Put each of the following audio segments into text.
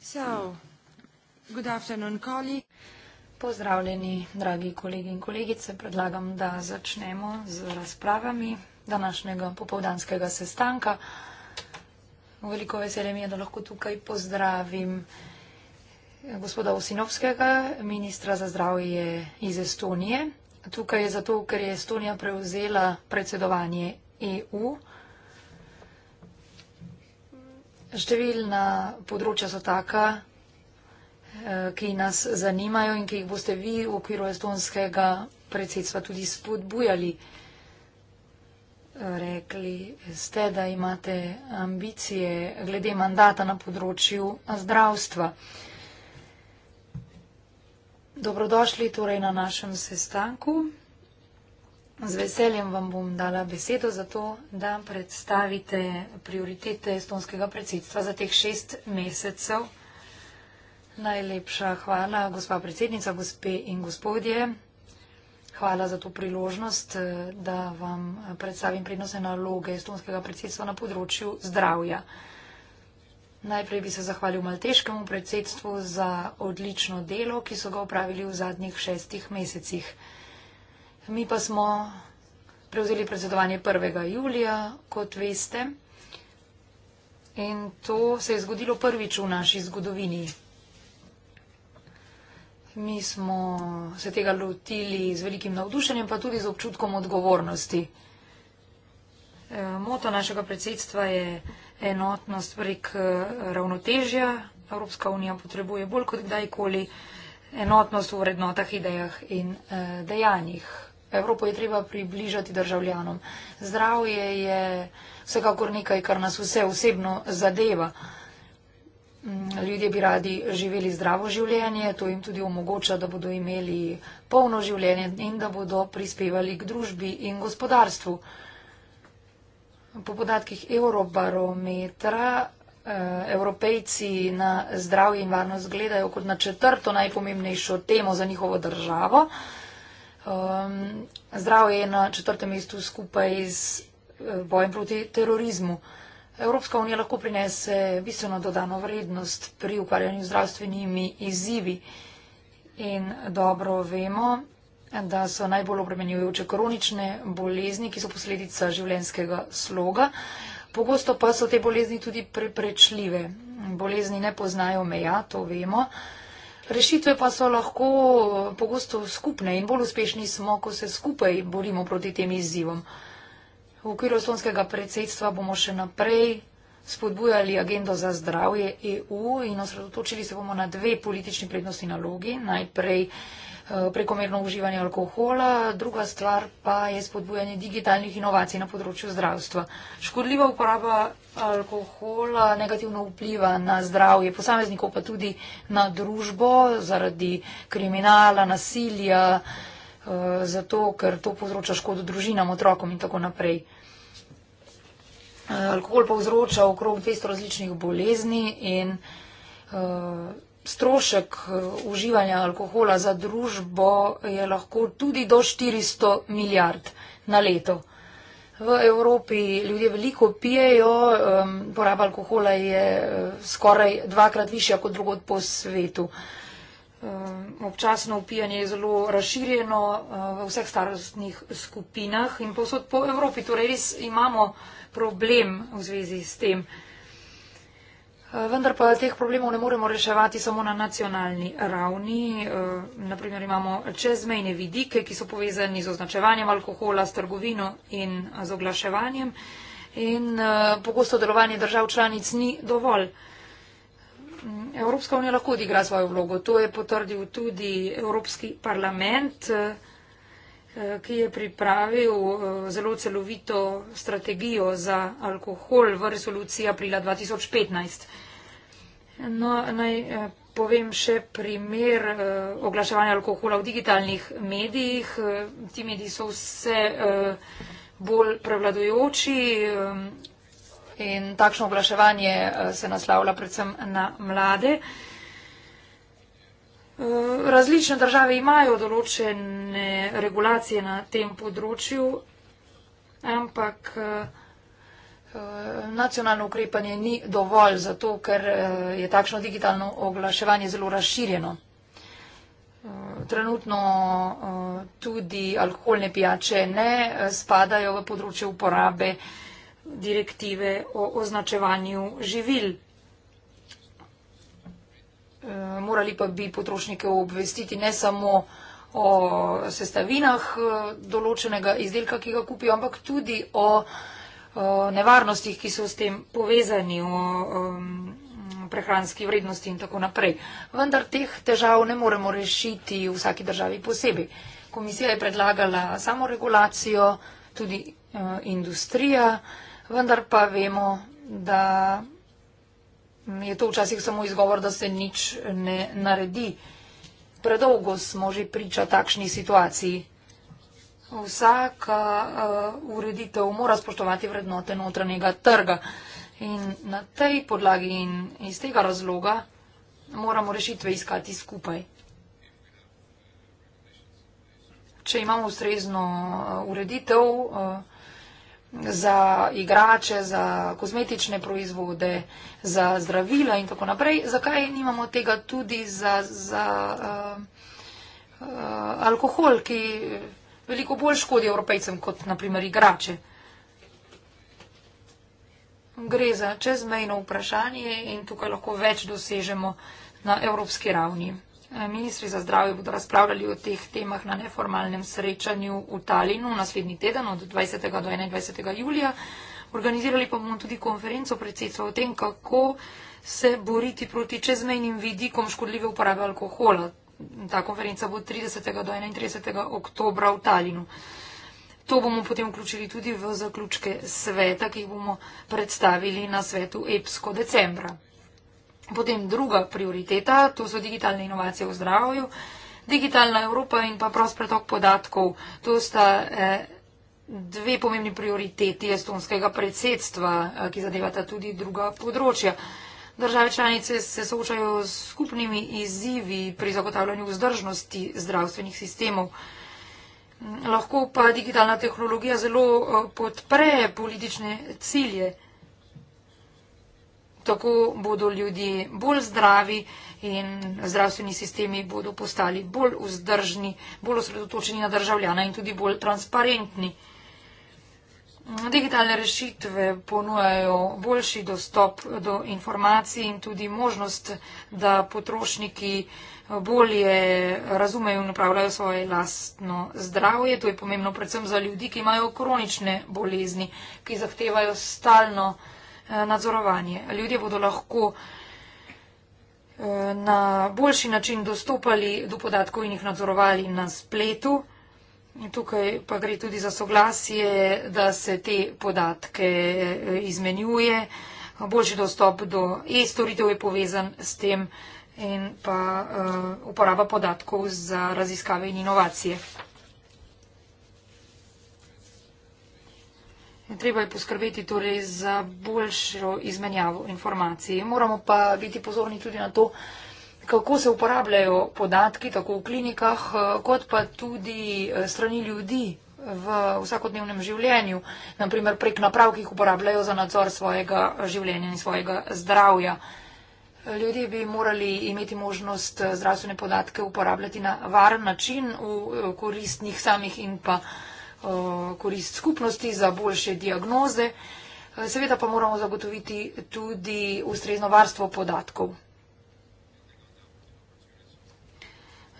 Pozdravljeni, dragi kolegi in kolegice. Predlagam, da začnemo z razpravami današnjega popovdanskega sestanka. Veliko veselje mi je, da lahko tukaj pozdravim gospoda Osinovskega, ministra za zdravje iz Estonije. Tukaj je zato, ker je Estonija prevzela predsedovanje EU. Številna področja so taka, eh, ki nas zanimajo in ki jih boste vi v okviru estonskega predsedstva tudi spodbujali. Rekli ste, da imate ambicije glede mandata na področju zdravstva. Dobrodošli torej na našem sestanku. Z veseljem vam bom dala besedo za to, da predstavite prioritete estonskega predsedstva za teh šest mesecev. Najlepša hvala, gospa predsednica, gospe in gospodje. Hvala za to priložnost, da vam predstavim prednostne naloge estonskega predsedstva na področju zdravja. Najprej bi se zahvalil malteškemu predsedstvu za odlično delo, ki so ga upravili v zadnjih šestih mesecih mi pa smo prevzeli predsedovanje 1. julija, kot veste. In to se je zgodilo prvič v naši zgodovini. Mi smo se tega lotili z velikim navdušenjem, pa tudi z občutkom odgovornosti. E, moto našega predsedstva je enotnost prek e, ravnotežja. Evropska unija potrebuje bolj kot kdajkoli enotnost v vrednotah, idejah in e, dejanjih. Evropo je treba približati državljanom. Zdravje je vsekakor nekaj, kar nas vse osebno zadeva. Mm, ljudje bi radi živeli zdravo življenje, to jim tudi omogoča, da bodo imeli polno življenje in da bodo prispevali k družbi in gospodarstvu. Po podatkih Eurobarometra eh, evropejci na zdravje in varnost gledajo kot na četrto najpomembnejšo temo za njihovo državo. Um, zdravje je na četrtem mestu skupaj z eh, bojem proti terorizmu. Evropska unija lahko prinese bistveno dodano vrednost pri ukvarjanju zdravstvenimi izzivi. In dobro vemo, da so najbolj obremenjujoče kronične bolezni, ki so posledica življenjskega sloga. Pogosto pa so te bolezni tudi preprečljive. Bolezni ne poznajo meja, to vemo. Uh, Rešitve pa so lahko eh, pogosto skupne in bolj uspešni smo, ko se skupaj borimo proti tem izzivom. V okviru slonskega predsedstva bomo še naprej spodbujali agendo za zdravje EU in osredotočili se bomo na dve politični prednosti nalogi. Najprej Eh, prekomerno uživanje alkohola, druga stvar pa je spodbujanje digitalnih inovacij na področju zdravstva. Škodljiva uporaba alkohola negativno vpliva na zdravje posameznikov, pa tudi na družbo zaradi kriminala, nasilja, eh, zato ker to povzroča škodo družinam, otrokom in tako naprej. Eh, alkohol povzroča okrog 200 različnih bolezni in strošek eh, uživanja alkohola za družbo je lahko tudi do 400 milijard na leto. V Evropi ljudje veliko pijejo, poraba alkohola je eh, skoraj dvakrat višja kot drugod po svetu. Občasno upijanje je zelo razširjeno eh, v vseh starostnih skupinah in posod po Evropi. Torej res imamo problem v zvezi s tem. Eh, vendar pa teh problemov ne moremo reševati samo na nacionalni ravni. Eh, Naprimer imamo čezmejne vidike, ki so povezani z označevanjem alkohola, s trgovino in eh, z oglaševanjem. In pogosto delovanje držav članic ni dovolj. Mm, Evropska unija lahko odigra svojo vlogo. To je potrdil tudi Evropski parlament, ki je pripravil zelo celovito strategijo za alkohol v resoluciji aprila 2015. No, naj eh, povem še primer eh, oglaševanja alkohola v digitalnih medijih. Eh, ti mediji so vse bolj prevladujoči in takšno oglaševanje se naslavlja predvsem na mlade. Različne države imajo določene regulacije na tem področju, ampak. Eh, nacionalno ukrepanje ni dovolj, zato ker eh, je takšno digitalno oglaševanje zelo razširjeno. Eh, trenutno tudi alkoholne pijače ne spadajo v področje uporabe direktive o označevanju živil. Morali pa bi potrošnike obvestiti ne samo o sestavinah določenega izdelka, ki ga kupijo, ampak tudi o o nevarnostih, ki so s tem povezani, o, o um, prehranski vrednosti in tako naprej. Vendar teh težav ne moremo rešiti v vsaki državi posebej. Komisija je predlagala samoregulacijo, tudi o, uh, industrija, vendar pa vemo, da je to včasih samo izgovor, da se nič ne naredi. Predolgo smo že priča takšni situaciji vsaka uh, ureditev mora spoštovati vrednote notranjega trga. In na tej podlagi in iz tega razloga moramo rešitve iskati skupaj. Če imamo ustrezno eh, ureditev uh, za igrače, za kozmetične proizvode, za zdravila in tako naprej, zakaj nimamo tega tudi za, za uh, uh, alkohol, ki veliko bolj škodi evropejcem kot naprimer igrače. Gre za čezmejno vprašanje in tukaj lahko več dosežemo na evropski ravni. Eh, ministri za zdravje bodo razpravljali o teh temah na neformalnem srečanju v Talinu naslednji teden od 20. do 21. julija. Organizirali pa bomo tudi konferenco predsedstva o tem, kako se boriti proti čezmejnim vidikom škodljive uporabe alkohola ta konferenca bo 30. do 31. oktobra v Talinu. To bomo potem vključili tudi v zaključke sveta, ki jih bomo predstavili na svetu EPSKO decembra. Potem druga prioriteta, to so digitalne inovacije v zdravju, digitalna Evropa in pa prost pretok podatkov. To sta eh, dve pomembni prioriteti estonskega predsedstva, eh, ki zadevata tudi druga področja. Države članice se soočajo s skupnimi izzivi pri zagotavljanju vzdržnosti zdravstvenih sistemov. Lahko pa digitalna tehnologija zelo eh, podpre politične cilje. Tako bodo ljudje bolj zdravi in zdravstveni sistemi bodo postali bolj vzdržni, bolj osredotočeni na državljana in tudi bolj transparentni. Digitalne rešitve ponujajo boljši dostop do informacij in tudi možnost, da potrošniki bolje razumejo in upravljajo svoje lastno zdravje. To je pomembno predvsem za ljudi, ki imajo kronične bolezni, ki zahtevajo stalno eh, nadzorovanje. Ljudje bodo lahko eh, na boljši način dostopali do podatkov in jih nadzorovali na spletu. Tukaj pa gre tudi za soglasje, da se te podatke eh, izmenjuje. Boljši dostop do e-storitev je povezan s tem in pa eh, uporaba podatkov za raziskave in inovacije. Treba je poskrbeti torej za boljšo izmenjavo informacij. Moramo pa biti pozorni tudi na to, kako se uporabljajo podatki tako v klinikah, eh, kot pa tudi eh, strani ljudi v vsakodnevnem življenju, naprimer prek naprav, ki jih uporabljajo za nadzor svojega življenja in svojega zdravja. Ljudje bi morali imeti možnost eh, zdravstvene podatke uporabljati na varen način v koristnih samih in pa korist skupnosti za boljše diagnoze. Seveda pa moramo zagotoviti tudi ustrezno varstvo podatkov.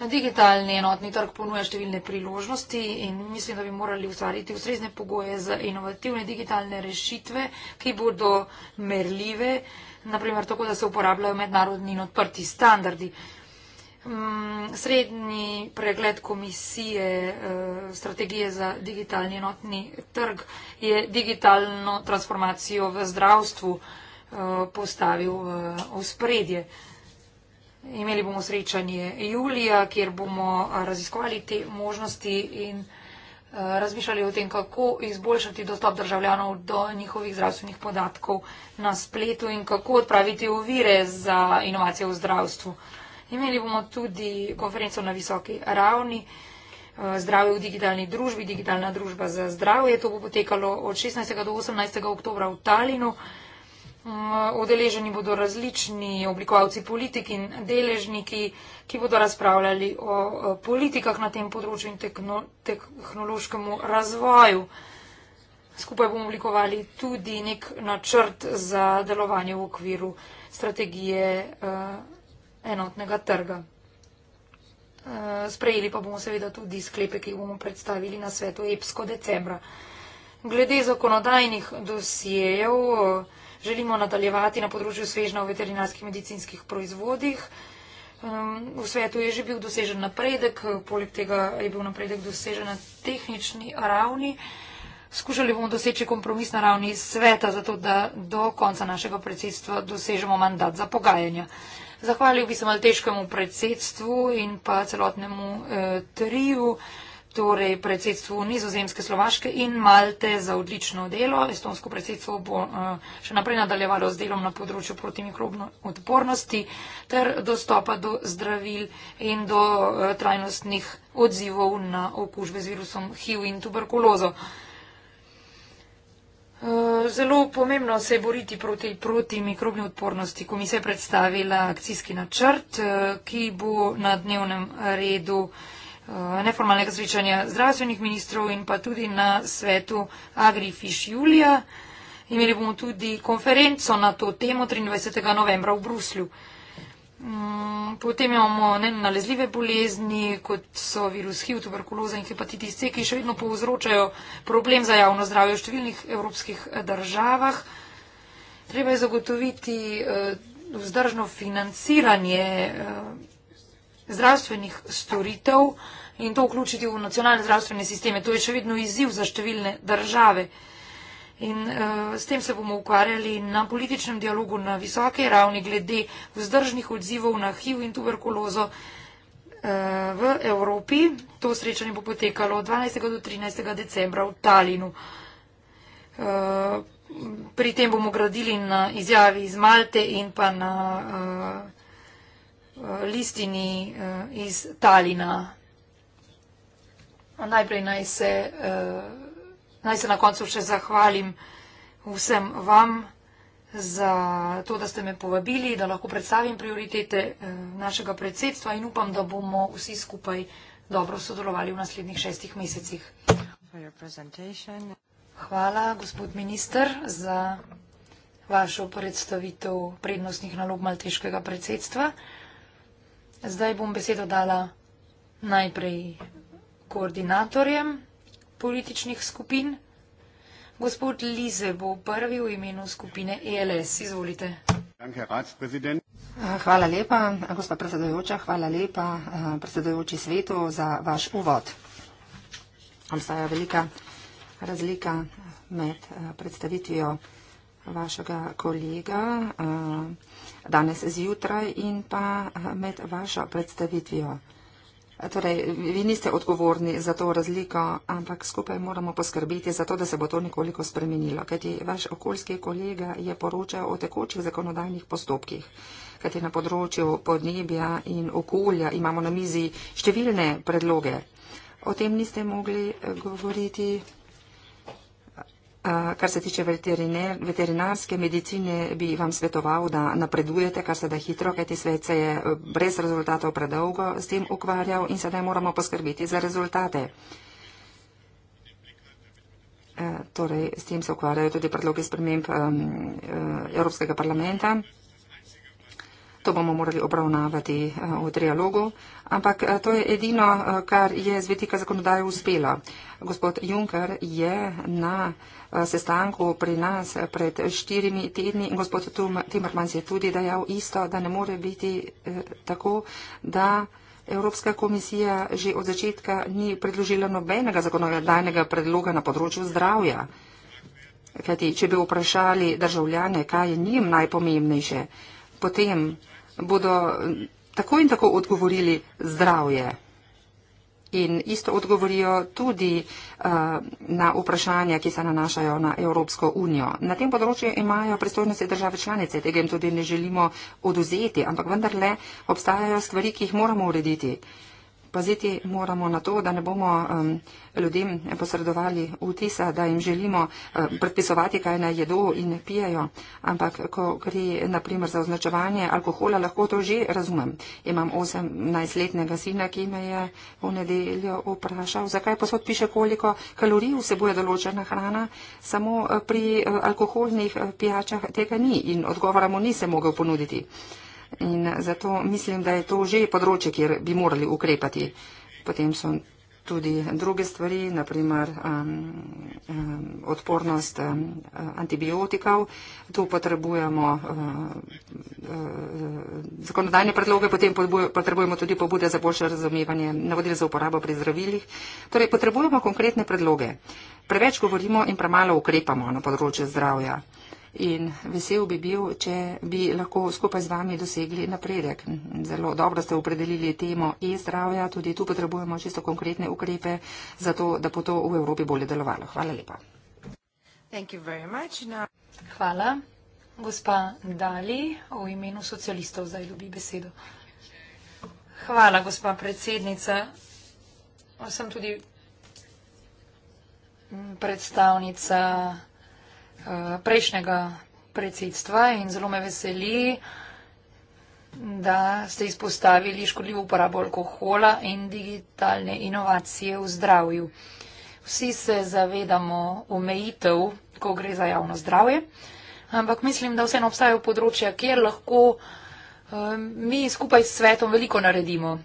Digitalni enotni trg ponuja številne priložnosti in mislim, da bi morali ustvariti ustrezne pogoje za inovativne digitalne rešitve, ki bodo merljive, naprimer tako, da se uporabljajo mednarodni in odprti standardi. Mm, srednji pregled komisije eh, strategije za digitalni enotni trg je digitalno transformacijo v zdravstvu eh, postavil v spredje. Imeli bomo srečanje julija, kjer bomo eh, raziskovali te možnosti in eh, razmišljali o tem, kako izboljšati dostop državljanov do njihovih zdravstvenih podatkov na spletu in kako odpraviti ovire za inovacije v zdravstvu. Imeli bomo tudi konferenco na visoki ravni eh, zdravje v digitalni družbi, digitalna družba za zdravje. To bo potekalo od 16. do 18. oktobra v Talinu. Mm, udeleženi bodo različni oblikovalci politik in deležniki, ki bodo razpravljali o politikah na tem področju in tekno, tehnološkemu razvoju. Skupaj bomo oblikovali tudi nek načrt za delovanje v okviru strategije eh, enotnega trga. Eh, sprejeli pa bomo seveda tudi sklepe, ki jih bomo predstavili na svetu EPSKO decembra. Glede zakonodajnih dosijejev, želimo nadaljevati na področju svežna v veterinarskih medicinskih proizvodih. Um, v svetu je že bil dosežen napredek, poleg tega je bil napredek dosežen na tehnični ravni. Skušali bomo doseči kompromis na ravni sveta, zato da do konca našega predsedstva dosežemo mandat za pogajanja. Zahvalil bi se malteškemu predsedstvu in pa celotnemu eh, triju torej predsedstvu Nizozemske, Slovaške in Malte za odlično delo. Estonsko predsedstvo bo eh, še naprej nadaljevalo z delom na področju protimikrobno odpornosti ter dostopa do zdravil in do eh, trajnostnih odzivov na okužbe z virusom HIV in tuberkulozo. Eh, zelo pomembno se je boriti proti, proti mikrobni odpornosti. Komisija je predstavila akcijski načrt, ki bo na dnevnem redu Eh, neformalnega srečanja zdravstvenih ministrov in pa tudi na svetu Agrifish Julija. Imeli bomo tudi konferenco na to temo 23. novembra v Bruslju. Mm, potem imamo nenalezljive bolezni, kot so virus HIV, tuberkuloza in hepatitis C, ki še vedno povzročajo problem za javno zdravje v številnih evropskih eh, državah. Treba je zagotoviti eh, vzdržno financiranje zdravstvenih storitev in to vključiti v nacionalne zdravstvene sisteme. To je še vedno izziv za številne države. In uh, s tem se bomo ukvarjali na političnem dialogu na visoke ravni glede vzdržnih odzivov na HIV in tuberkulozo uh, v Evropi. To srečanje bo potekalo od 12. do 13. decembra v Talinu. Uh, pri tem bomo gradili na izjavi iz Malte in pa na uh, listini uh, iz Talina najprej naj se, uh, naj se na koncu še zahvalim vsem vam za to, da ste me povabili, da lahko predstavim prioritete uh, našega predsedstva in upam, da bomo vsi skupaj dobro sodelovali v naslednjih šestih mesecih. Hvala, gospod minister, za vašo predstavitev prednostnih nalog malteškega predsedstva. Zdaj bom besedo dala najprej koordinatorjem političnih skupin. Gospod Lize bo prvi v imenu skupine ELS. Izvolite. Eh, hvala lepa, eh, gospod predsedujoča, hvala lepa eh, predsedujoči svetu za vaš uvod. Obstaja velika razlika med predstavitvijo vašega kolega danes zjutraj in pa med vašo predstavitvijo. Torej, vi niste odgovorni za to razliko, ampak skupaj moramo poskrbiti za to, da se bo to nekoliko spremenilo, kajti vaš okoljski kolega je poročal o tekočih zakonodajnih postopkih, kajti na področju podnebja in okolja imamo na mizi številne predloge. O tem niste mogli govoriti. Kar se tiče veterinarske medicine, bi vam svetoval, da napredujete, kar se da hitro, kajti svet se je eh, brez rezultatov predolgo s tem ukvarjal in sedaj moramo poskrbiti za rezultate. Eh, torej, s tem se ukvarjajo tudi predloge sprememb eh, Evropskega parlamenta. To bomo morali obravnavati eh, v trialogu, ampak eh, to je edino, eh, kar je z vetika zakonodaje uspelo. Gospod Juncker je na sestanku pri nas pred štirimi tedni in gospod Timmermans je tudi dejal isto, da ne more biti tako, da. Evropska komisija že od začetka ni predložila nobenega zakonodajnega predloga na področju zdravja. Kajti, če bi vprašali državljane, kaj je njim najpomembnejše, potem bodo eh, tako in tako odgovorili zdravje. In isto odgovorijo tudi uh, na vprašanja, ki se nanašajo na Evropsko unijo. Na tem področju imajo pristojnosti države članice, tega jim tudi ne želimo oduzeti, ampak vendarle obstajajo stvari, ki jih moramo urediti. Uh, paziti moramo na to, da ne bomo um, ljudem posredovali vtisa, da jim želimo um, predpisovati, kaj naj jedo in ne pijajo. Ampak, ko gre naprimer za označevanje alkohola, lahko to že razumem. Imam 18-letnega sina, ki me je v nedeljo vprašal, zakaj posod piše, koliko kalorij vsebuje določena hrana, samo eh, pri eh, alkoholnih eh, pijačah tega ni in odgovora mu nisem mogel ponuditi. In zato mislim, da je to že področje, kjer bi morali ukrepati. Potem so tudi druge stvari, naprimer um, um, odpornost um, antibiotikov. Tu potrebujemo uh, uh, zakonodajne predloge, potem potrebujemo tudi pobude za boljše razumevanje navodil za uporabo pri zdravilih. Torej, potrebujemo konkretne predloge. Preveč govorimo in premalo ukrepamo na področju zdravja in vesel bi bil, če bi lahko skupaj z vami dosegli napredek. Zelo dobro ste opredelili temo e-zdravja, tudi tu potrebujemo čisto konkretne ukrepe, zato da bo to v Evropi bolje delovalo. Hvala lepa. Hvala. Gospa Dali, v imenu socialistov zdaj dobi besedo. Hvala, gospa predsednica. Sem tudi predstavnica Eh, prejšnjega predsedstva in zelo me veseli, da ste izpostavili škodljivo uporabo alkohola in digitalne inovacije v zdravju. Vsi se zavedamo omejitev, ko gre za javno zdravje, ampak mislim, da vseeno obstajajo področja, kjer lahko um, mi skupaj s svetom veliko naredimo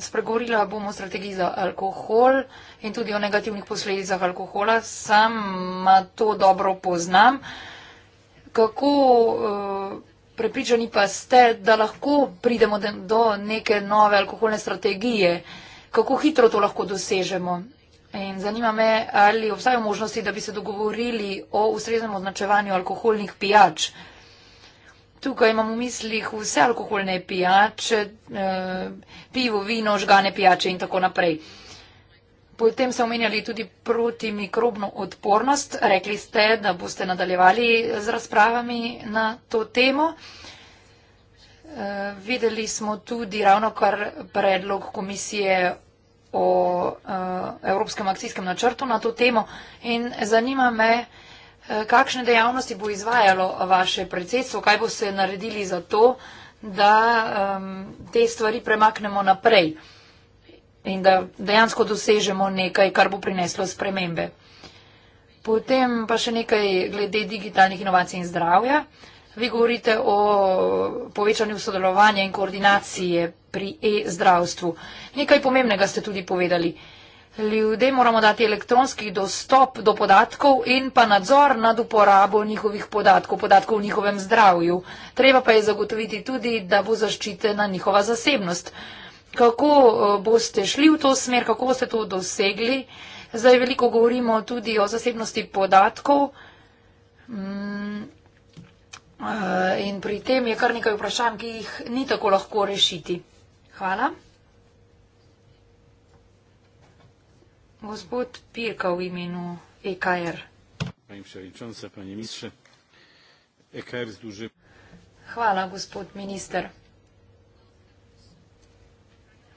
spregovorila bom o strategiji za alkohol in tudi o negativnih posledicah alkohola. Sama to dobro poznam. Kako eh, prepričani pa ste, da lahko pridemo do neke nove alkoholne strategije? Kako hitro to lahko dosežemo? In zanima me, ali obstajajo možnosti, da bi se dogovorili o ustreznem označevanju alkoholnih pijač. Tukaj imam v mislih vse alkoholne pijače, eh, pivo, vino, žgane pijače in tako naprej. Potem ste omenjali tudi protimikrobno odpornost. Rekli ste, da boste nadaljevali z razpravami na to temo. Eh, videli smo tudi ravno kar predlog komisije o eh, Evropskem akcijskem načrtu na to temo in zanima me, Eh, kakšne dejavnosti bo izvajalo vaše predsedstvo, kaj boste naredili za to, da um, te stvari premaknemo naprej in da dejansko dosežemo nekaj, kar bo prineslo spremembe. Potem pa še nekaj glede digitalnih inovacij in zdravja. Vi govorite o povečanju sodelovanja in koordinacije pri e-zdravstvu. Nekaj pomembnega ste tudi povedali. Ljudem moramo dati elektronski dostop do podatkov in pa nadzor nad uporabo njihovih podatkov, podatkov v njihovem zdravju. Treba pa je zagotoviti tudi, da bo zaščitena njihova zasebnost. Kako eh, boste šli v to smer, kako boste to dosegli? Zdaj veliko govorimo tudi o zasebnosti podatkov. Mm, eh, in pri tem je kar nekaj vprašanj, ki jih ni tako lahko rešiti. Hvala. Gospod Pirka v imenu EKR. Pani predsednica, pani ministrice, EKR združuje. Hvala, gospod minister.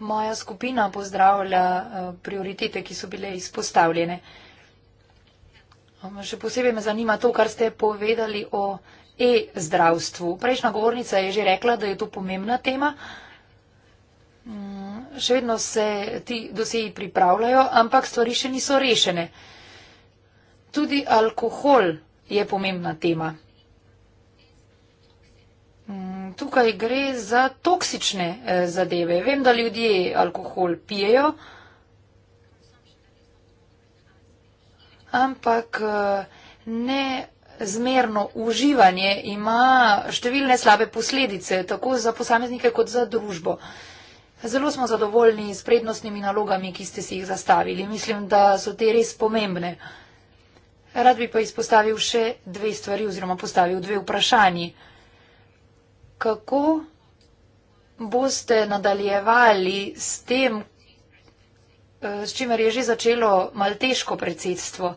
Moja skupina pozdravlja e, prioritete, ki so bile izpostavljene. Še posebej me zanima to, kar ste povedali o e-zdravstvu. Prejšnja govornica je že rekla, da je to pomembna tema še vedno se ti doseji pripravljajo, ampak stvari še niso rešene. Tudi alkohol je pomembna tema. Mm, tukaj gre za toksične eh, zadeve. Vem, da ljudje alkohol pijejo, ampak eh, ne. Zmerno uživanje ima številne slabe posledice, tako za posameznike kot za družbo. Uh, Zelo smo zadovoljni s prednostnimi nalogami, ki ste si jih zastavili. Mislim, da so te res pomembne. Rad bi pa izpostavil še dve stvari oziroma postavil dve vprašanji. Kako boste nadaljevali s tem, eh, s čimer je že začelo malteško predsedstvo?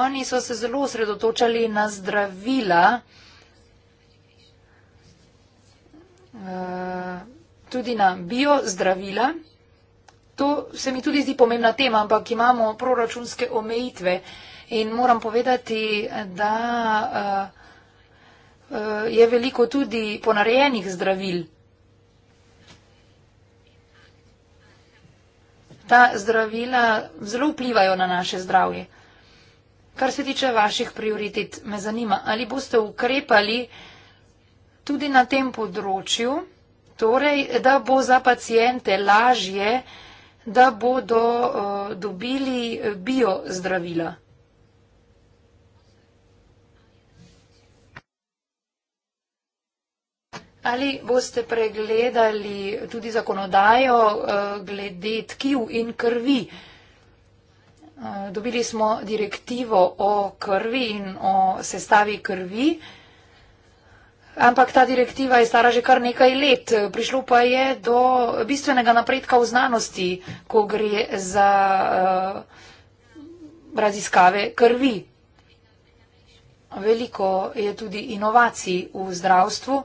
Oni so se zelo sredotočali na zdravila. Uh, tudi na biozdravila. To se mi tudi zdi pomembna tema, ampak imamo proračunske omejitve in moram povedati, da eh, eh, je veliko tudi ponarejenih zdravil. Ta zdravila zelo vplivajo na naše zdravje. Kar se tiče vaših prioritet, me zanima, ali boste ukrepali tudi na tem področju. Torej, da bo za pacijente lažje, da bodo eh, dobili biozdravila. Ali boste pregledali tudi zakonodajo eh, glede tkiv in krvi? Eh, dobili smo direktivo o krvi in o sestavi krvi. Ampak ta direktiva je stara že kar nekaj let. Prišlo pa je do bistvenega napredka v znanosti, ko gre za uh, raziskave krvi. Veliko je tudi inovacij v zdravstvu.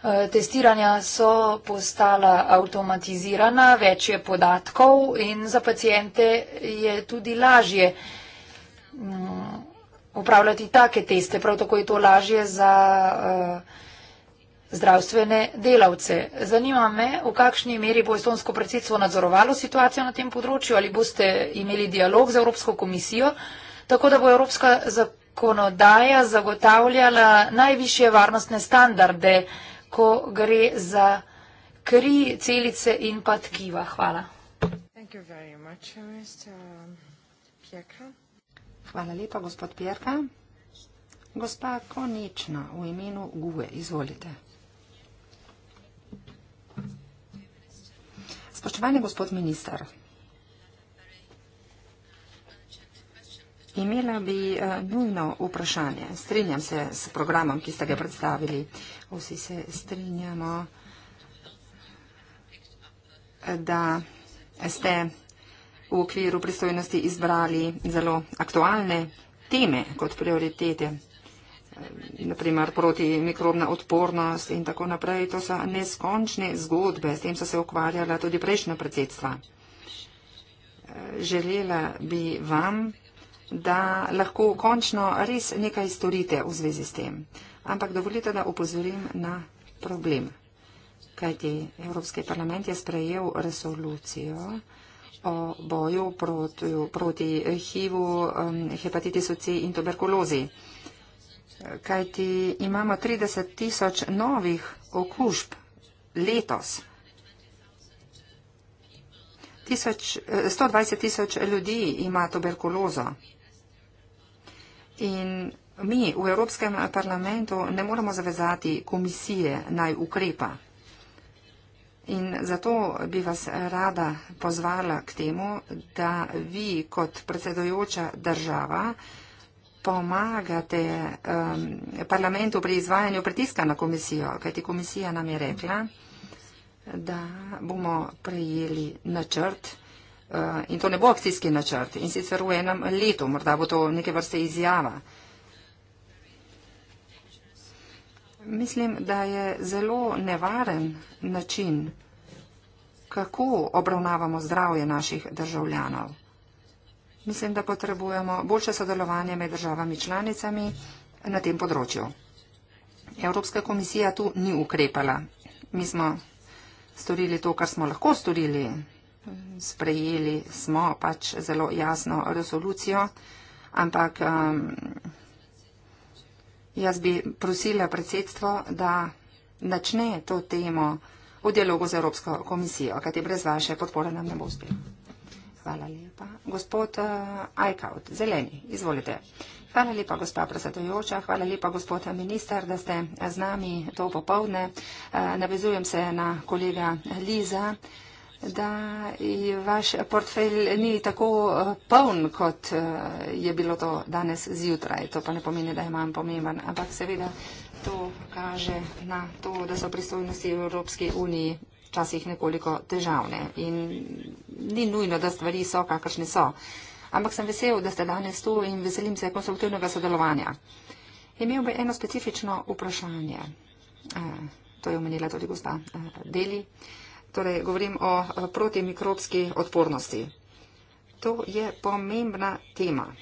Eh, testiranja so postala avtomatizirana, več je podatkov in za pacijente je tudi lažje. Mm upravljati take teste. Prav tako je to lažje za uh, zdravstvene delavce. Zanima me, v kakšni meri bo estonsko predsedstvo nadzorovalo situacijo na tem področju, ali boste imeli dialog z Evropsko komisijo, tako da bo Evropska zakonodaja zagotavljala najviše varnostne standarde, ko gre za kri, celice in pa tkiva. Hvala. Thank you very much, Mr. Um, Piekra. Hvala lepa, gospod Pjerka. Gospa Konečna v imenu GUE, izvolite. Spoštovani gospod minister, imela bi eh, nujno vprašanje. Strinjam se s programom, ki ste ga predstavili. Vsi se strinjamo, eh, da ste v okviru pristojnosti izbrali zelo aktualne teme kot prioritete, eh, naprimer proti mikrobna odpornost in tako naprej. To so neskončne zgodbe, s tem so se ukvarjala tudi prejšnja predsedstva. Eh, želela bi vam, da lahko končno res nekaj storite v zvezi s tem. Ampak dovolite, da upozorim na problem. Kajti Evropski parlament je sprejel resolucijo, o boju proti, proti HIV-u, hepatitisu C in tuberkulozi. Kajti imamo 30 tisoč novih okužb letos. Tisoč, 120 tisoč ljudi ima tuberkulozo. In mi v Evropskem parlamentu ne moremo zavezati komisije naj ukrepa. In zato bi vas rada pozvala k temu, da vi kot predsedojoča država pomagate um, parlamentu pri izvajanju pritiska na komisijo, kajti komisija nam je rekla, da bomo prejeli načrt uh, in to ne bo akcijski načrt in sicer v enem letu, morda bo to neke vrste izjava. Uh, mislim, da je zelo nevaren način, kako obravnavamo zdravje naših državljanov. Mislim, da potrebujemo boljše sodelovanje med državami članicami na tem področju. Evropska komisija tu ni ukrepala. Mi smo storili to, kar smo lahko storili. Sprejeli smo pač zelo jasno resolucijo, ampak um, Jaz bi prosila predsedstvo, da načne to temo v dialogu z Evropsko komisijo, kajti brez vaše podpore nam ne bo uspelo. Hvala lepa. Gospod uh, eh, Aikaut, zeleni, izvolite. Hvala lepa, gospa predsedujoča, hvala lepa, gospod minister, da ste z nami to popovdne. Uh, eh, navezujem se na kolega Liza. Uh, da vaš portfelj ni tako eh, poln, kot eh, je bilo to danes zjutraj. To pa ne pomeni, da je manj pomemben, ampak seveda to kaže na to, da so pristojnosti v Evropski uniji včasih nekoliko težavne in ni nujno, da stvari so, kakršne so. Ampak sem vesel, da ste danes tu in veselim se konstruktivnega sodelovanja. Imel bi eno specifično vprašanje. Eh, to je omenila tudi gospa Deli torej govorim o eh, protimikrobski odpornosti. To je pomembna tema.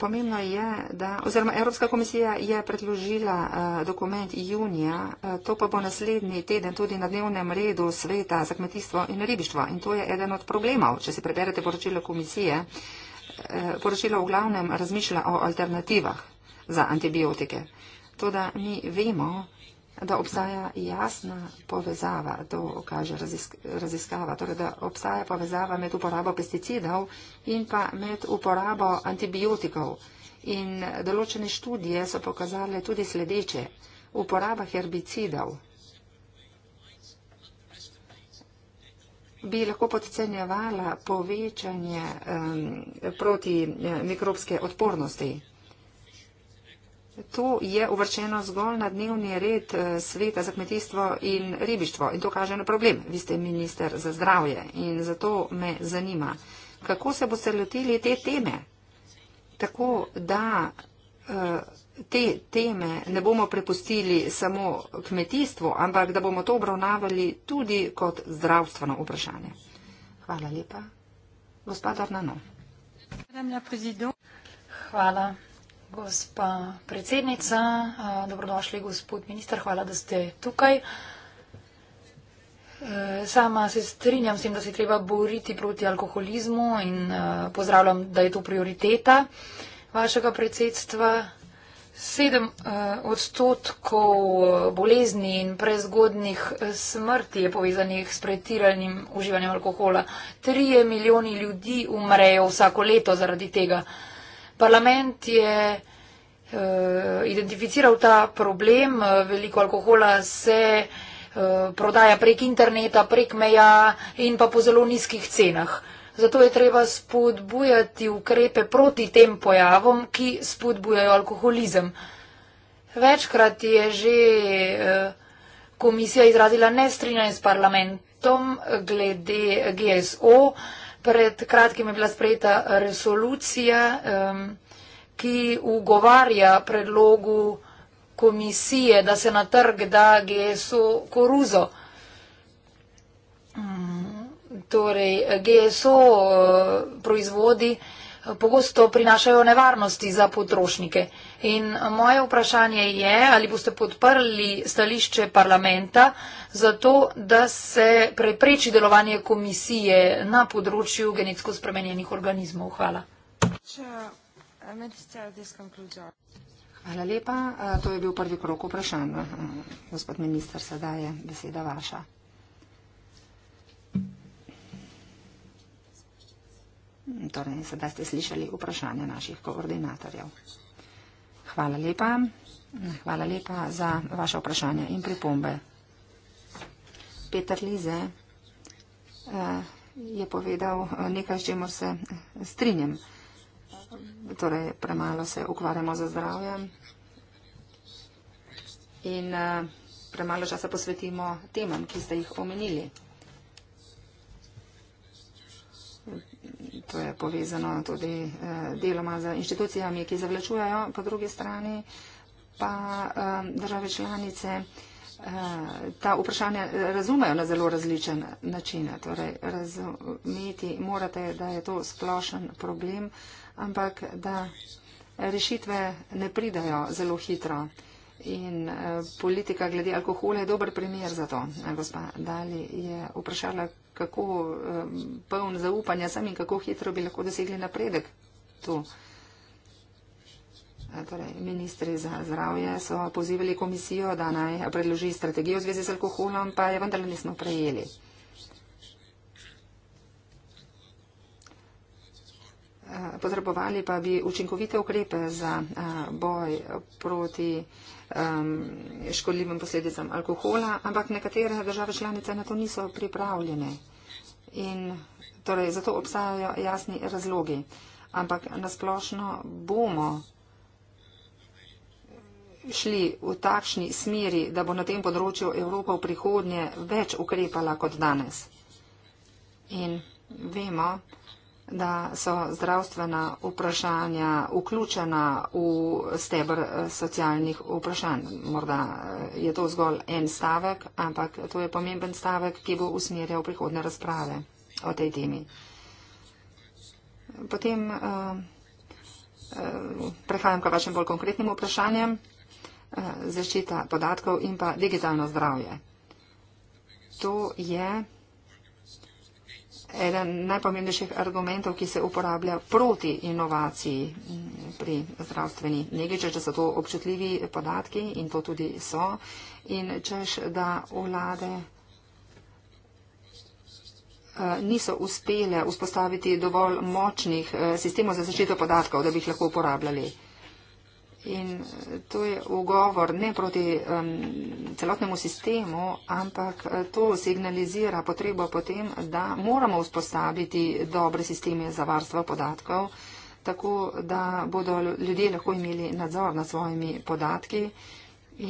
Pomembno je, da oziroma Evropska komisija je predložila uh, dokument junija, uh, to pa bo naslednji teden tudi na dnevnem redu sveta za kmetijstvo in ribištvo. In to je eden od problemov, če si preberete poročilo komisije. Uh, poročilo v glavnem razmišlja o alternativah za antibiotike. To, da mi vemo, da obstaja jasna povezava, to kaže razisk, raziskava, torej da obstaja povezava med uporabo pesticidov in pa med uporabo antibiotikov. In določene študije so pokazale tudi sledeče. Uporaba herbicidov bi lahko podcenjevala povečanje um, proti mikrobske odpornosti. To je uvrčeno zgolj na dnevni red eh, sveta za kmetijstvo in ribištvo in to kaže na problem. Vi ste minister za zdravje in zato me zanima, kako se boste lotili te teme, tako da eh, te teme ne bomo prepustili samo kmetijstvu, ampak da bomo to obravnavali tudi kot zdravstveno vprašanje. Hvala lepa. Gospod Arnano. Hvala gospa predsednica, dobrodošli gospod minister, hvala, da ste tukaj. E, sama se strinjam s tem, da se treba boriti proti alkoholizmu in e, pozdravljam, da je to prioriteta vašega predsedstva. Sedem e, odstotkov bolezni in prezgodnih smrti je povezanih s pretiranim uživanjem alkohola. Trije milijoni ljudi umrejo vsako leto zaradi tega. Parlament je uh, identificiral ta problem, eh, veliko alkohola se uh, prodaja prek interneta, prek meja in pa po zelo nizkih cenah. Zato je treba spodbujati ukrepe proti tem pojavom, ki spodbujajo alkoholizem. Večkrat je že komisija izrazila nestrinjanje s parlamentom glede GSO, Pred kratkim je bila sprejeta resolucija, ki ugovarja predlogu komisije, da se na trg da GSO koruzo. Mm, torej, GSO eh, proizvodi pogosto prinašajo nevarnosti za potrošnike. In moje vprašanje je, ali boste podprli stališče parlamenta za to, da se prepreči delovanje komisije na področju genetsko spremenjenih organizmov. Hvala. Hvala lepa. To je bil prvi krok vprašanj. Gospod minister, sedaj je beseda vaša. Torej, sedaj ste slišali vprašanje naših koordinatorjev. Hvala lepa. Hvala lepa za vaše vprašanje in pripombe. Peter Lize eh, je povedal eh, nekaj, s čemer se eh, strinjam. Torej, premalo se ukvarjamo za zdravje in premalo časa posvetimo temam, ki ste jih omenili. To je povezano tudi eh, deloma z inštitucijami, ki zavlačujejo, po drugi strani pa eh, države članice eh, ta vprašanja razumejo na zelo različen način. Torej, razumeti morate, da je to splošen problem, ampak da rešitve ne pridajo zelo hitro. In politika glede alkohola je dober primer za to. Gospa Dali je vprašala, kako um, poln zaupanja sem in kako hitro bi lahko dosegli napredek tu. Torej, ministri za zdravje so pozivali komisijo, da naj predloži strategijo v zvezi z alkoholom, pa je vendar nismo prejeli. Potrebovali pa bi učinkovite ukrepe za boj proti škodljivim posledicam alkohola, ampak nekatere države članice na to niso pripravljene in torej zato obstajajo jasni razlogi. Ampak nasplošno bomo šli v takšni smeri, da bo na tem področju Evropa v prihodnje več ukrepala kot danes. In vemo, da so zdravstvena vprašanja vključena v stebr eh, socialnih vprašanj. Morda eh, je to zgolj en stavek, ampak to je pomemben stavek, ki bo usmerjal prihodne razprave o tej temi. Potem eh, prehajam k vašim bolj konkretnim vprašanjem. Zaščita podatkov in pa digitalno zdravje. To je eden najpomembnejših argumentov, ki se uporablja proti inovaciji pri zdravstveni negi, če so to občutljivi podatki in to tudi so. In češ, da vlade eh, niso uspele vzpostaviti dovolj močnih eh, sistemov za zaščito podatkov, da bi jih lahko uporabljali. In to je ugovor ne proti um, celotnemu sistemu, ampak e, to signalizira potrebo potem, da moramo vzpostaviti dobre sisteme za varstvo podatkov, tako da bodo ljudje lahko imeli nadzor nad svojimi podatki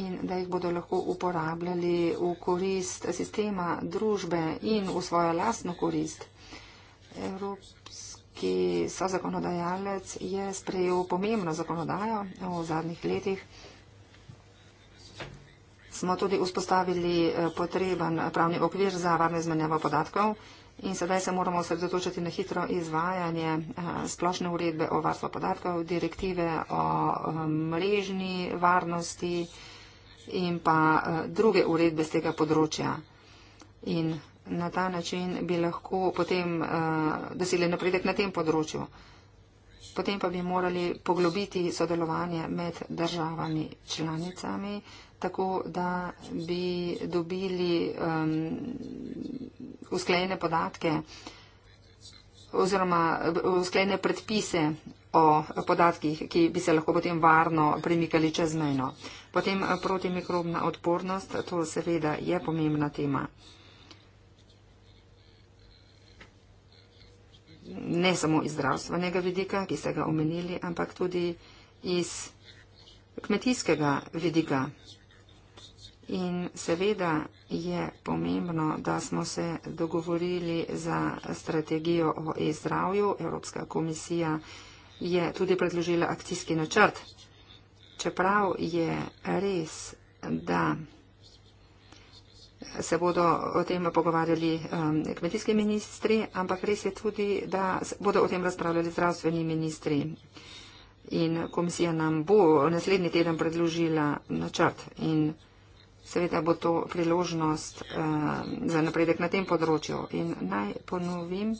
in da jih bodo lahko uporabljali v korist sistema družbe in v svojo lastno korist. Evrops ki so zakonodajalec, je sprejel pomembno zakonodajo v zadnjih letih. Smo tudi vzpostavili eh, potreben pravni okvir za varno izmenjavo podatkov in sedaj se moramo osredotočiti na hitro izvajanje eh, splošne uredbe o varstvu podatkov, direktive o eh, mrežni varnosti in pa druge uredbe z tega področja. In na ta način bi lahko potem uh, eh, dosili napredek na tem področju. Potem pa bi morali poglobiti sodelovanje med državami članicami, tako da bi dobili um, usklejene podatke oziroma usklejene predpise o podatkih, ki bi se lahko potem varno premikali čezmejno. Potem eh, protimikrobna odpornost, to seveda je pomembna tema. ne samo iz zdravstvenega vidika, ki ste ga omenili, ampak tudi iz kmetijskega vidika. In seveda je pomembno, da smo se dogovorili za strategijo o e-zdravju. Evropska komisija je tudi predložila akcijski načrt. Čeprav je res, da se bodo o tem pogovarjali um, kmetijski ministri, ampak res je tudi, da bodo o tem razpravljali zdravstveni ministri. In komisija nam bo naslednji teden predložila načrt in seveda bo to priložnost um, za napredek na tem področju. In naj ponovim,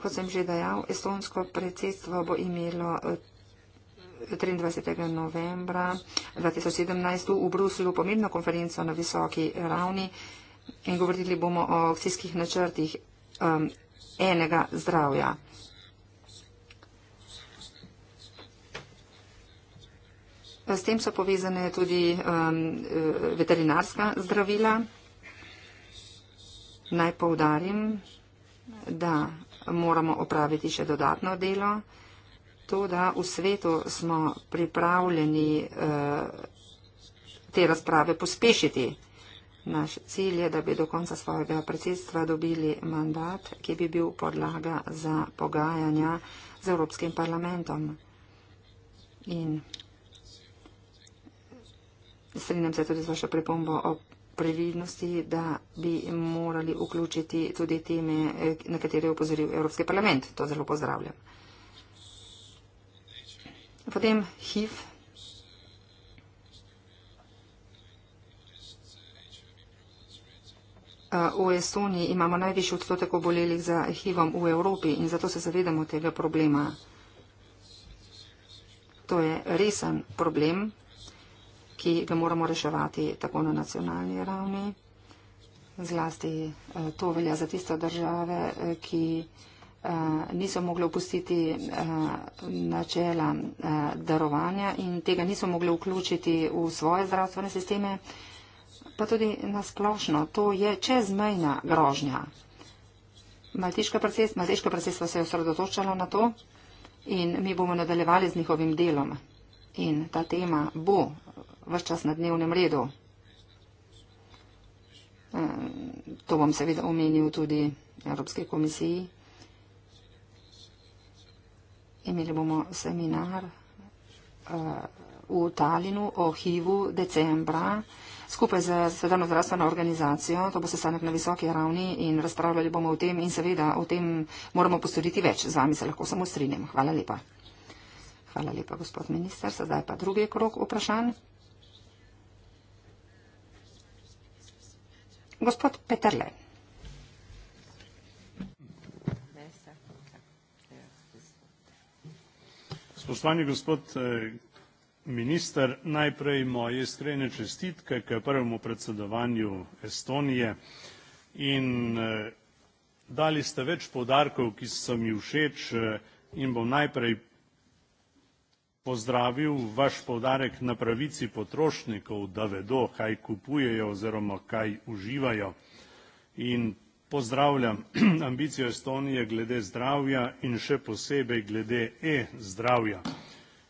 kot sem že dejal, estonsko predsedstvo bo imelo 23. novembra 2017 v Bruslju pomembno konferenco na visoki ravni in govorili bomo o akcijskih načrtih um, enega zdravja. S tem so povezane tudi um, veterinarska zdravila. Naj povdarim, da moramo opraviti še dodatno delo to, da v svetu smo pripravljeni eh, te razprave pospešiti. Naš cilj je, da bi do konca svojega predsedstva dobili mandat, ki bi bil podlaga za pogajanja z Evropskim parlamentom. In strinjam se tudi z vašo pripombo o previdnosti, da bi morali vključiti tudi teme, na katere je upozoril Evropski parlament. To zelo pozdravljam potem HIV. Eh, v Estoniji imamo najvišji odstotek obolelih za HIV-om v Evropi in zato se zavedamo tega problema. To je resen problem, ki ga moramo reševati tako na nacionalni ravni. Zlasti eh, to velja za tiste države, eh, ki Eh, niso mogle opustiti uh, načela uh, darovanja in tega niso mogle vključiti v svoje zdravstvene sisteme, pa tudi nasplošno. To je čezmejna grožnja. Maltiško predsedstvo se je osredotočalo na to in mi bomo nadaljevali z njihovim delom. In ta tema bo vse čas na dnevnem redu. To bom seveda omenil tudi Evropske komisiji imeli bomo seminar eh, v Talinu o HIV-u decembra skupaj z Svetovno zdravstveno organizacijo, to bo sestanek na visoki ravni in razpravljali bomo o tem in seveda o tem moramo postoriti več, z vami se lahko samo strinjam. Hvala lepa. Hvala lepa, gospod minister. Sedaj pa drugi krok vprašanj. Gospod Peterle. Spoštovani gospod, eh, minister, najprej moje iskrene čestitke k prvemu predsedovanju Estonije in, eh, dali ste več poudarkov, ki so mi všeč, eh, in bom najprej pozdravil vaš poudarek na pravici potrošnikov, da vedo, kaj kupujejo oziroma kaj uživajo. In pozdravljam ambicijo Estonije glede zdravja in še posebej glede e-zdravja.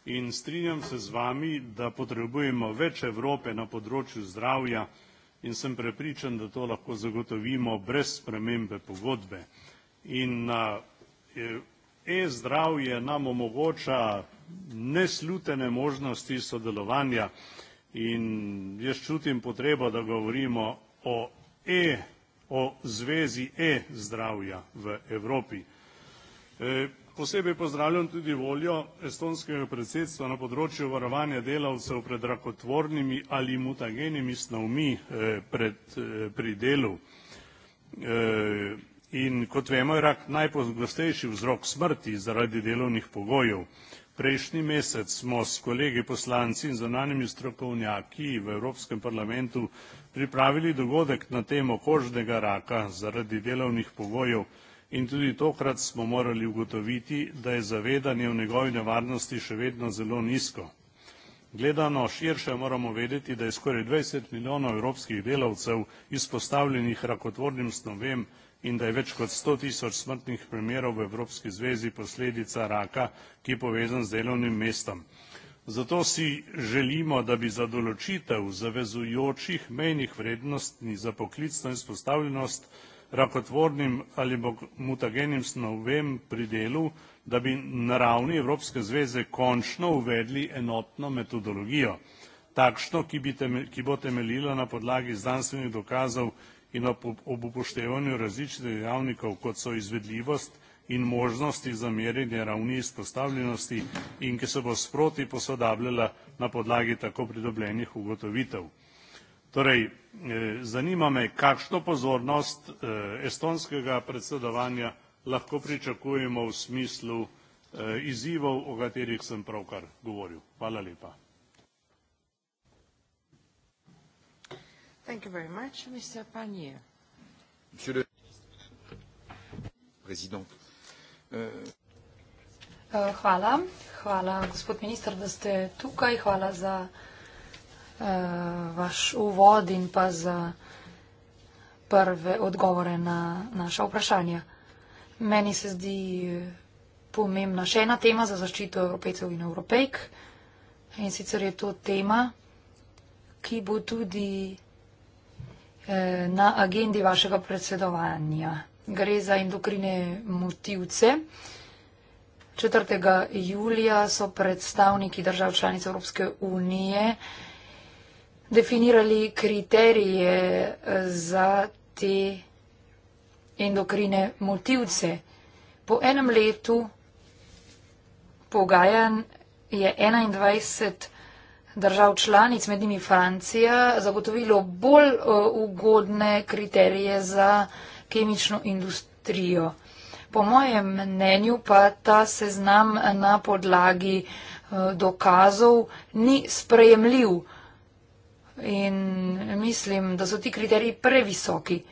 In strinjam se z vami, da potrebujemo več Evrope na področju zdravja in sem prepričan, da to lahko zagotovimo brez spremembe pogodbe. In e-zdravje nam omogoča neslutene možnosti sodelovanja in jaz čutim potrebo, da govorimo o e-zdravju o zvezi e-zdravja v Evropi. E, posebej pozdravljam tudi voljo estonskega predsedstva na področju varovanja delavcev pred rakotvornimi ali mutagenimi snovmi e, pred e, pridelu. In kot vemo, je rak najpogostejši vzrok smrti zaradi delovnih pogojev. Prejšnji mesec smo s kolegi poslanci in zunanjimi strokovnjaki v Evropskem parlamentu pripravili dogodek na temo kožnega raka zaradi delovnih pogojev in tudi tokrat smo morali ugotoviti, da je zavedanje v njegovi nevarnosti še vedno zelo nizko. Gledano širše moramo vedeti, da je skoraj 20 milijonov evropskih delavcev izpostavljenih rakotvornim snovem in da je več kot 100 tisoč smrtnih primerov v Evropski zvezi posledica raka, ki je povezan z delovnim mestom. Zato si želimo, da bi za določitev zavezujočih mejnih vrednosti za poklicno izpostavljenost rakotvornim ali mutagenim snovem pri delu, da bi na ravni Evropske zveze končno uvedli enotno metodologijo, takšno, ki, bi teme, ki bo temeljila na podlagi znanstvenih dokazov in ob upoštevanju različnih dejavnikov, kot so izvedljivost in možnosti za merjenje ravni izpostavljenosti in ki se bo sproti posodabljala na podlagi tako pridobljenih ugotovitev. Torej, eh, zanima me, kakšno pozornost eh, estonskega predsedovanja lahko pričakujemo v smislu eh, izzivov, o katerih sem pravkar govoril. Hvala lepa. Thank you very much, Mr. Panier. Monsieur le Président. Eh, hvala. Hvala, gospod minister, da ste tukaj. Hvala za eh, vaš uvod in pa za prve odgovore na naša vprašanja. Meni se zdi eh, pomembna še ena tema za zaščito evropejcev in evropejk. In sicer je to tema, ki bo tudi na agendi vašega predsedovanja gre za endokrine motivce. 4. julija so predstavniki držav članic Evropske unije definirali kriterije eh, za te endokrine motivce. Po enem letu pogajan je 21 držav članic, med njimi Francija, zagotovilo bolj eh, ugodne kriterije za endokrine motivce kemično industrijo. Po mojem mnenju pa ta seznam na podlagi eh, dokazov ni sprejemljiv in mislim, da so ti kriteriji previsoki.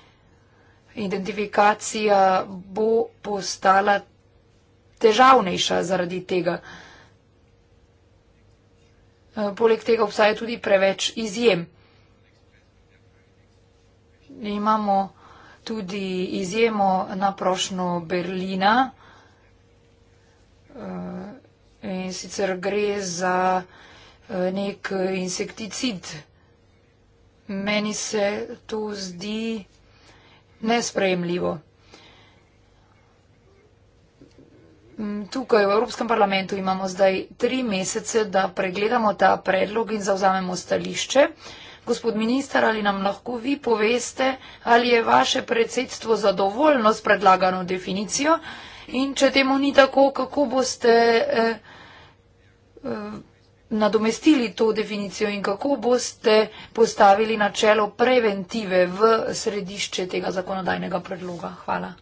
Identifikacija bo postala težavnejša zaradi tega. Eh, poleg tega obstaja tudi preveč izjem. Imamo tudi izjemo na prošno Berlina. Eh, in sicer gre za eh, nek insekticid. Meni se to zdi nespremljivo. Mm, tukaj v Evropskem parlamentu imamo zdaj tri mesece, da pregledamo ta predlog in zauzamemo stališče. Gospod minister, ali nam lahko vi poveste, ali je vaše predsedstvo zadovoljno s predlagano definicijo in če temu ni tako, kako boste eh, eh, nadomestili to definicijo in kako boste postavili načelo preventive v središče tega zakonodajnega predloga. Hvala.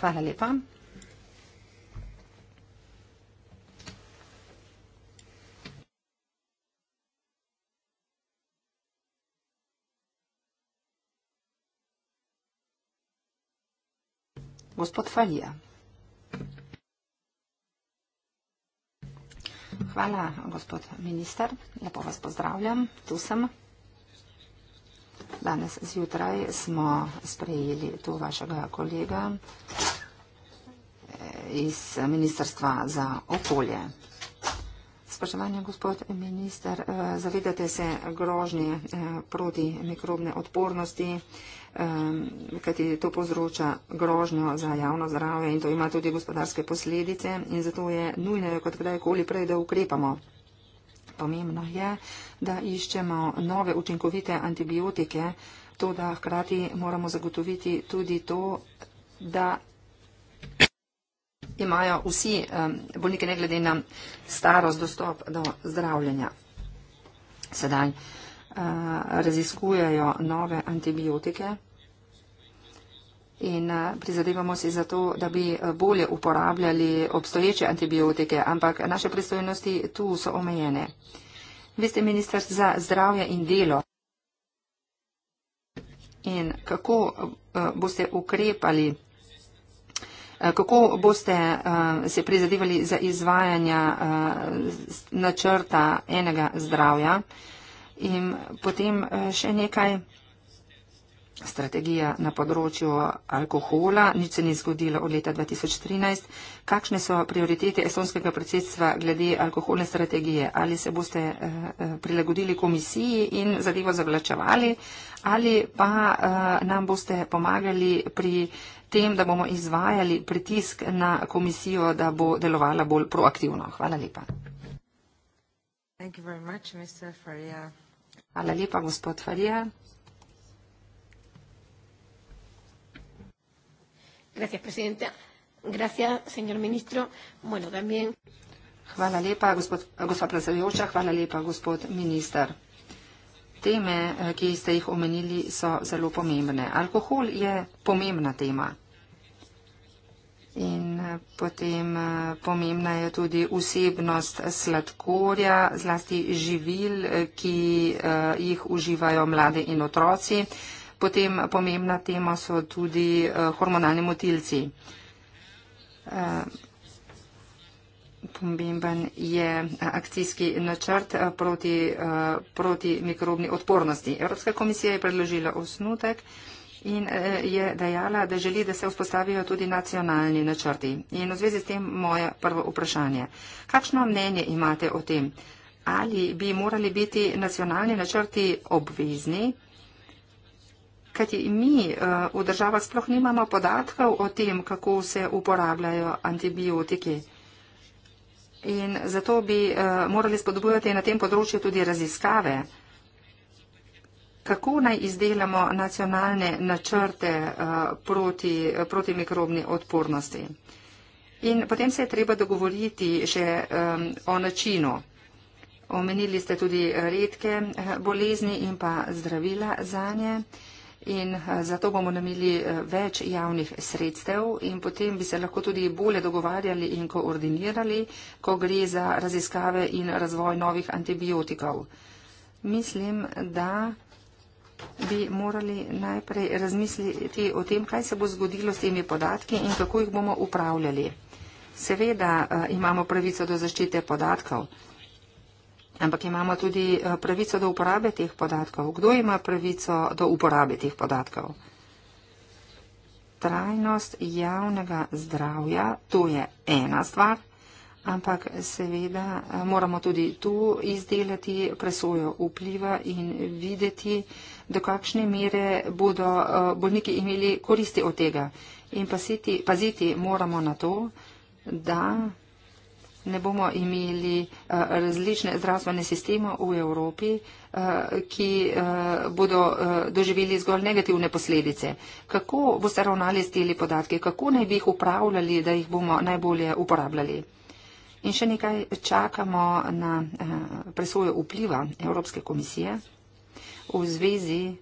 Hvala lepa. gospod Falija. Hvala, gospod minister. Lepo vas pozdravljam. Tu sem. Danes zjutraj smo sprejeli tu vašega kolega eh, iz Ministrstva za okolje. Spraševanje, gospod minister, eh, zavedate se grožnje eh, proti mikrobne odpornosti, Ehm, kajti to povzroča grožnjo za javno zdravje in to ima tudi gospodarske posledice in zato je nujno, kot kdajkoli prej, da ukrepamo. Pomembno je, da iščemo nove učinkovite antibiotike, to, da hkrati moramo zagotoviti tudi to, da imajo vsi ehm, bolniki, ne glede na starost, dostop do zdravljenja. Sedaj. Eh, raziskujejo nove antibiotike in eh, prizadevamo se za to, da bi eh, bolje uporabljali obstoječe antibiotike, ampak naše pristojnosti tu so omejene. Vi ste ministr za zdravje in delo. In kako boste ukrepali, kako boste se prizadevali za izvajanje načrta enega zdravja? In potem eh, še nekaj. Strategija na področju alkohola, nič se ni zgodilo od leta 2013. Kakšne so prioritete estonskega predsedstva glede alkoholne strategije? Ali se boste eh, eh, prilagodili komisiji in zadevo zavlačevali, ali pa nam boste pomagali pri tem, da bomo izvajali pritisk na komisijo, da bo delovala bolj proaktivno? Hvala lepa. Thank you very much, Mr. Faria. Hvala lepa, gospod Farija. Hvala lepa, gospod predsedujoča, hvala lepa, gospod minister. Teme, eh, ki ste jih omenili, so zelo pomembne. Alkohol je pomembna tema. In potem eh, pomembna je tudi vsebnost sladkorja, zlasti živil, eh, ki eh, jih uživajo mlade in otroci. Potem pomembna tema so tudi hormonalni motilci. Pomemben je akcijski načrt proti, proti mikrobni odpornosti. Evropska komisija je predložila osnutek in eh, je dejala, da želi, da se vzpostavijo tudi nacionalni načrti. In v zvezi s tem moje prvo vprašanje. Kakšno mnenje imate o tem? Ali bi morali biti nacionalni načrti obvezni? Kajti mi eh, v državah sploh nimamo podatkov o tem, kako se uporabljajo antibiotiki. In zato bi eh, morali spodbujati na tem področju tudi raziskave kako naj izdelamo nacionalne načrte eh, proti, proti mikrobni odpornosti. In potem se je treba dogovoriti še o načinu. Omenili ste tudi redke eh, bolezni in pa zdravila za nje. In eh, zato bomo namili več javnih sredstev in potem bi se lahko tudi bolje dogovarjali in koordinirali, ko gre za raziskave in razvoj novih antibiotikov. Mislim, da bi morali najprej razmisliti o tem, kaj se bo zgodilo s temi podatki in kako jih bomo upravljali. Seveda eh, imamo pravico do zaščite podatkov, ampak imamo tudi eh, pravico do uporabe teh podatkov. Kdo ima pravico do uporabe teh podatkov? Trajnost javnega zdravja, to je ena stvar, ampak seveda eh, moramo tudi tu izdelati presojo vpliva in videti, do kakšne mere bodo eh, bolniki imeli koristi od tega. In paziti, paziti moramo na to, da ne bomo imeli eh, različne zdravstvene sisteme v Evropi, ki bodo doživeli zgolj negativne posledice. Kako boste ravnali s temi podatki, kako naj bi jih upravljali, da jih bomo najbolje uporabljali? In še nekaj čakamo na eh, presojo vpliva Evropske komisije v zvezi eh,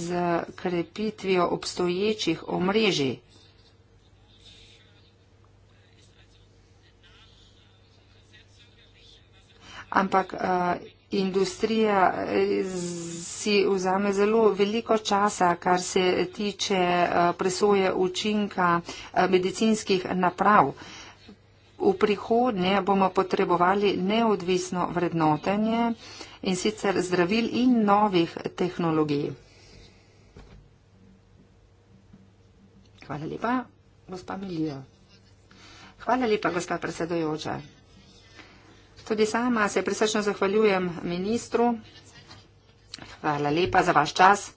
z krepitvijo obstoječih omrežij. Ampak eh, industrija eh, si vzame zelo veliko časa, kar se tiče eh, presoje učinka eh, medicinskih naprav. V prihodnje bomo potrebovali neodvisno vrednotenje in sicer zdravil in novih tehnologij. Hvala lepa, gospa Milija. Hvala lepa, gospa predsedojoča. Tudi sama se prisrčno zahvaljujem ministru. Hvala lepa za vaš čas.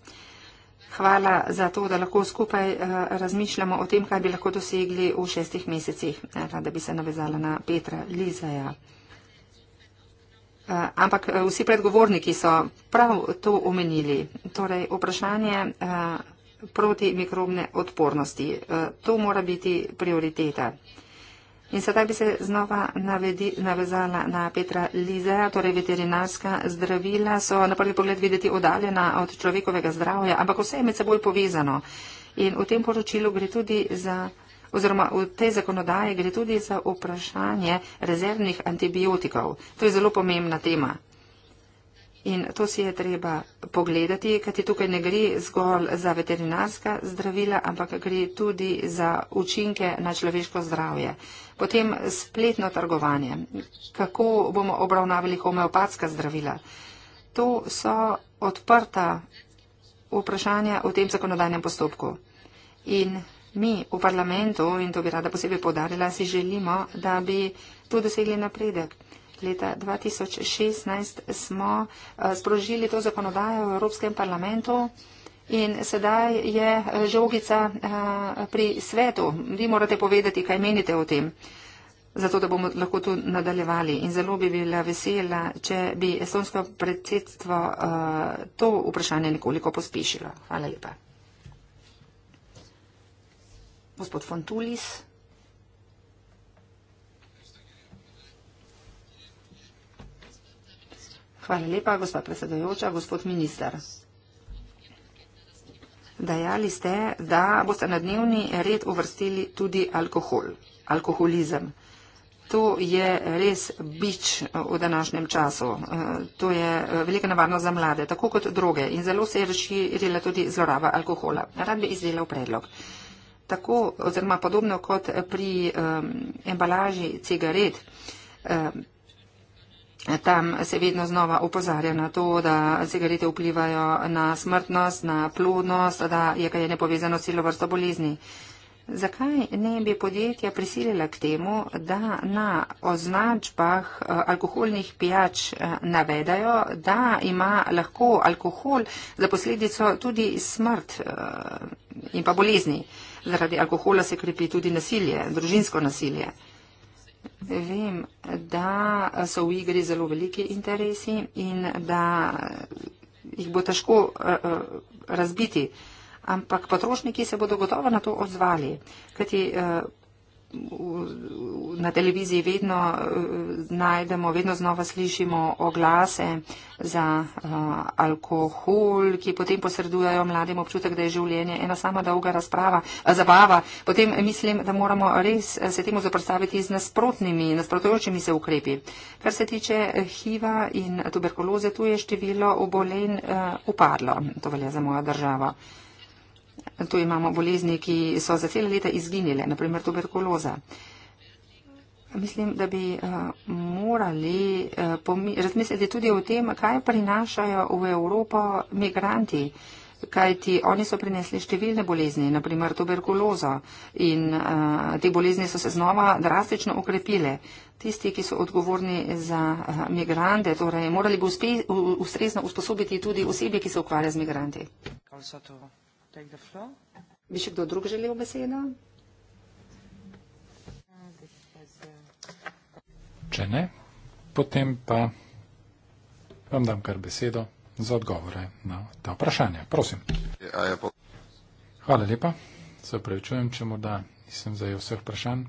Hvala za to, da lahko skupaj eh, razmišljamo o tem, kaj bi lahko dosegli v šestih mesecih. Rada bi se navezala na Petra Lizaja. Eh, ampak eh, vsi predgovorniki so prav to omenili. Torej, vprašanje proti mikrobne odpornosti. To mora biti prioriteta. In sedaj bi se znova navedi, navezala na Petra Lizeja, torej veterinarska zdravila so na prvi pogled videti odaljena od človekovega zdravja, ampak vse je med seboj povezano. In v tem poročilu gre tudi za, oziroma v tej zakonodaji gre tudi za vprašanje rezervnih antibiotikov. To je zelo pomembna tema. In to si je treba pogledati, kajti tukaj ne gre zgolj za veterinarska zdravila, ampak gre tudi za učinke na človeško zdravje. Potem spletno trgovanje. Kako bomo obravnavali homeopatska zdravila? To so odprta vprašanja v tem zakonodajnem postopku. In mi v parlamentu, in to bi rada posebej podarila, si želimo, da bi tu dosegli napredek leta 2016 smo eh, sprožili to zakonodajo v Evropskem parlamentu. In sedaj je eh, žogica eh, pri svetu. Vi morate povedati, kaj menite o tem, zato da bomo lahko tu nadaljevali. In zelo bi bila vesela, če bi estonsko predsedstvo to vprašanje nekoliko pospešilo. Hvala lepa. Gospod Fontulis. Hvala lepa, gospod predsedojoča, gospod minister. Dajali ste, da boste na dnevni red uvrstili tudi alkohol, alkoholizem. To je res bič eh, v današnjem času. Eh, to je eh, velika nevarnost za mlade, tako kot droge. In zelo se je razširila tudi zloraba alkohola. Rad bi izdelal predlog. Tako oziroma podobno kot pri um, embalaži cigaret. Um, Tam se vedno znova upozarja na to, da cigarete vplivajo na smrtnost, na plodnost, da je kaj nepovezano s celo vrsto bolezni. Zakaj ne bi podjetja prisilila k temu, da na označbah eh, alkoholnih pijač eh, navedajo, da ima lahko alkohol za posledico tudi smrt eh, in pa bolezni? Zaradi alkohola se krepi tudi nasilje, družinsko nasilje. Vem, da so v igri zelo veliki interesi in da jih bo težko eh, eh, razbiti, ampak potrošniki se bodo gotovo na to odzvali, kajti eh, na televiziji vedno eh, najdemo, vedno znova slišimo oglase za eh, alkohol, ki potem posredujajo mladim občutek, da je življenje ena sama dolga razprava, eh, zabava. Potem mislim, da moramo res se temu zaprstaviti z nasprotnimi, nasprotujočimi se ukrepi. Kar se tiče HIV-a in tuberkuloze, tu je število obolenj upadlo. To velja za mojo državo. Tu imamo bolezni, ki so za cele leta izginile, naprimer tuberkuloza. Mislim, da bi uh, morali uh, razmisliti tudi o tem, kaj prinašajo v Evropo migranti, kajti oni so prinesli številne bolezni, naprimer tuberkulozo in uh, te bolezni so se znova drastično ukrepile. Tisti, ki so odgovorni za uh, migrante, torej morali bi uspe, u, ustrezno usposobiti tudi osebe, ki se ukvarja z migranti. Bi še kdo drug želel besedo? Če ne, potem pa vam dam kar besedo za odgovore na ta vprašanja. Prosim. Hvala lepa. Se upravičujem, če morda nisem zajel vseh vprašanj.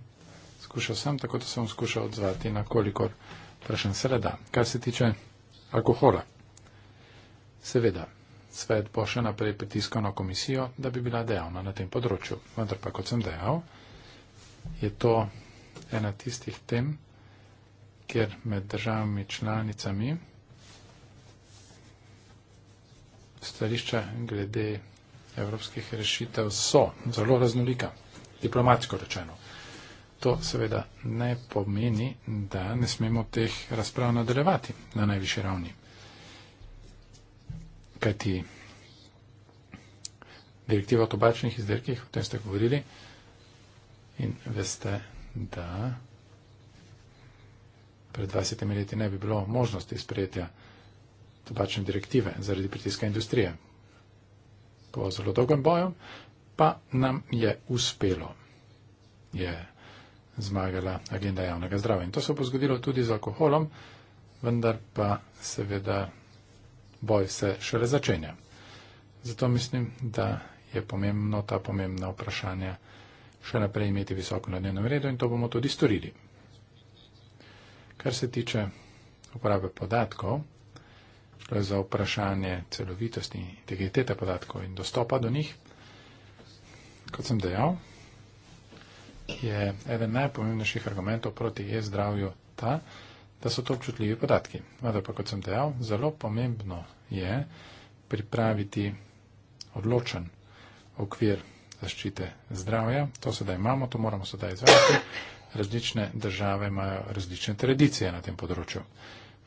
Skušal sem, tako da sem skušal odzvati na kolikor vprašanj se le da. Kar se tiče alkohola. Seveda, svet bo še naprej pritiskal na komisijo, da bi bila dejavna na tem področju. Vendar pa, kot sem dejal, je to ena tistih tem, kjer med državami članicami stališča glede evropskih rešitev so zelo raznolika, diplomatsko rečeno. To seveda ne pomeni, da ne smemo teh razprav nadaljevati na najvišji ravni kajti direktiva o tobačnih izdelkih, o tem ste govorili in veste, da pred 20 leti ne bi bilo možnosti sprejetja tobačne direktive zaradi pritiska industrije. Po zelo dolgem boju pa nam je uspelo, je zmagala agenda javnega zdravja. In to se bo zgodilo tudi z alkoholom, vendar pa seveda boj se šele začenja. Zato mislim, da je pomembno ta pomembna vprašanja še naprej imeti visoko na dnevnem redu in to bomo tudi storili. Kar se tiče uporabe podatkov, šlo je za vprašanje celovitosti in integritete podatkov in dostopa do njih. Kot sem dejal, je eden najpomembnejših argumentov proti e-zdravju ta, da so to občutljivi podatki. Vendar pa, kot sem dejal, zelo pomembno je pripraviti odločen okvir zaščite zdravja. To sedaj imamo, to moramo sedaj izvajati. Različne države imajo različne tradicije na tem področju.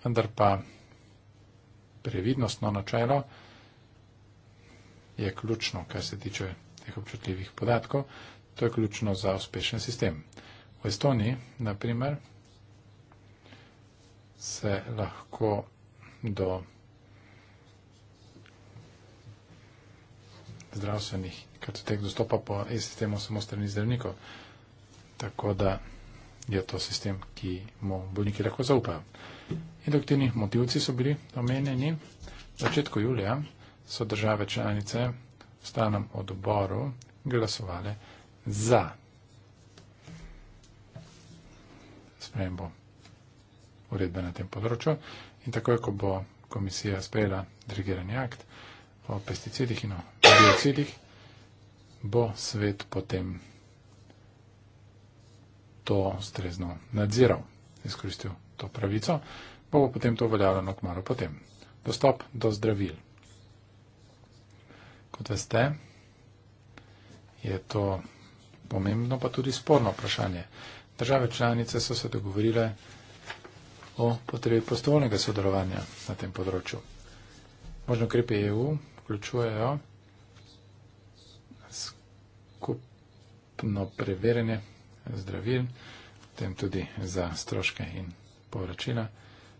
Vendar pa previdnostno načelo je ključno, kar se tiče teh občutljivih podatkov. To je ključno za uspešen sistem. V Estoniji, na primer, se lahko do zdravstvenih kartotek dostopa po e-sistemu samo strani zdravnikov. Tako da je to sistem, ki mu bolniki lahko zaupajo. Induktivni motivci so bili omenjeni. V začetku julija so države članice v stanem odboru glasovale za spremembo uredbe na tem področju. In takoj, ko bo komisija sprejela dirigirani akt o pesticidih in o biocidih, bo svet potem to strezno nadziral, izkoristil to pravico, bo bo potem to uveljavljeno kmalo potem. Dostop do zdravil. Kot veste, je to pomembno, pa tudi sporno vprašanje. Države članice so se dogovorile, o potrebi prostovoljnega sodelovanja na tem področju. Možno ukrepe EU vključujejo skupno preverjanje zdravil, potem tudi za stroške in povračila,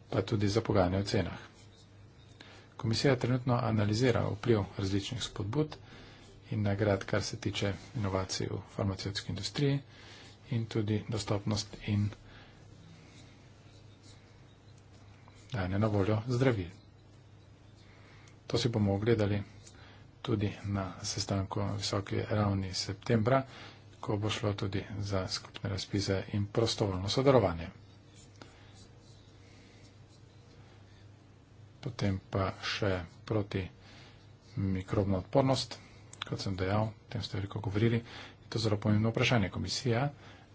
pa tudi za pogajanje o cenah. Komisija trenutno analizira vpliv različnih spodbud in nagrad, kar se tiče inovacij v farmacevtski industriji in tudi dostopnost in. dane na voljo zdravil. To si bomo ogledali tudi na sestanku visoke ravni septembra, ko bo šlo tudi za skupne razpise in prostovoljno sodelovanje. Potem pa še proti mikrobno odpornost, kot sem dejal, o tem ste veliko govorili, je to zelo pomembno vprašanje. Komisija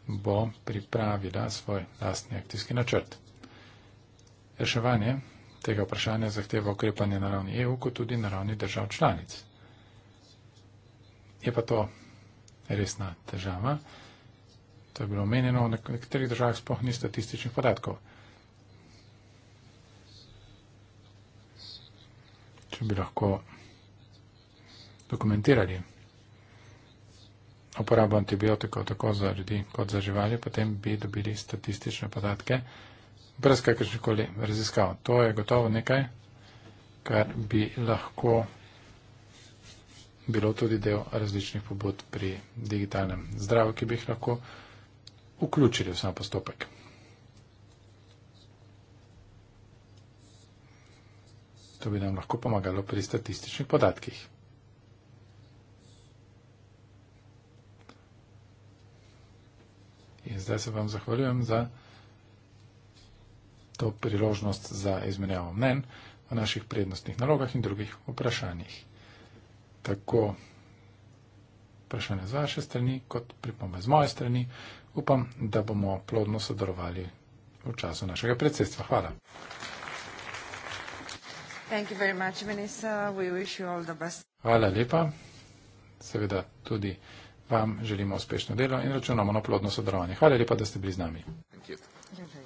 bo pripravila svoj lastni akcijski načrt. Reševanje tega vprašanja zahteva ukrepanje na ravni EU, kot tudi na ravni držav članic. Je pa to resna težava. To je bilo omenjeno, v nekaterih državah sploh ni statističnih podatkov. Če bi lahko dokumentirali uporabo antibiotikov tako za ljudi kot za živali, potem bi dobili statistične podatke brez kakršnih koli raziskav. To je gotovo nekaj, kar bi lahko bilo tudi del različnih pobud pri digitalnem zdravju, ki bi jih lahko vključili v sam postopek. To bi nam lahko pomagalo pri statističnih podatkih. In zdaj se vam zahvaljujem za to priložnost za izmenjavo mnen o naših prednostnih nalogah in drugih vprašanjih. Tako vprašanje z vaše strani, kot pripombe z moje strani. Upam, da bomo plodno sodelovali v času našega predsedstva. Hvala. Much, Hvala lepa. Seveda tudi vam želimo uspešno delo in računamo na plodno sodelovanje. Hvala lepa, da ste bili z nami. Thank you. Thank you.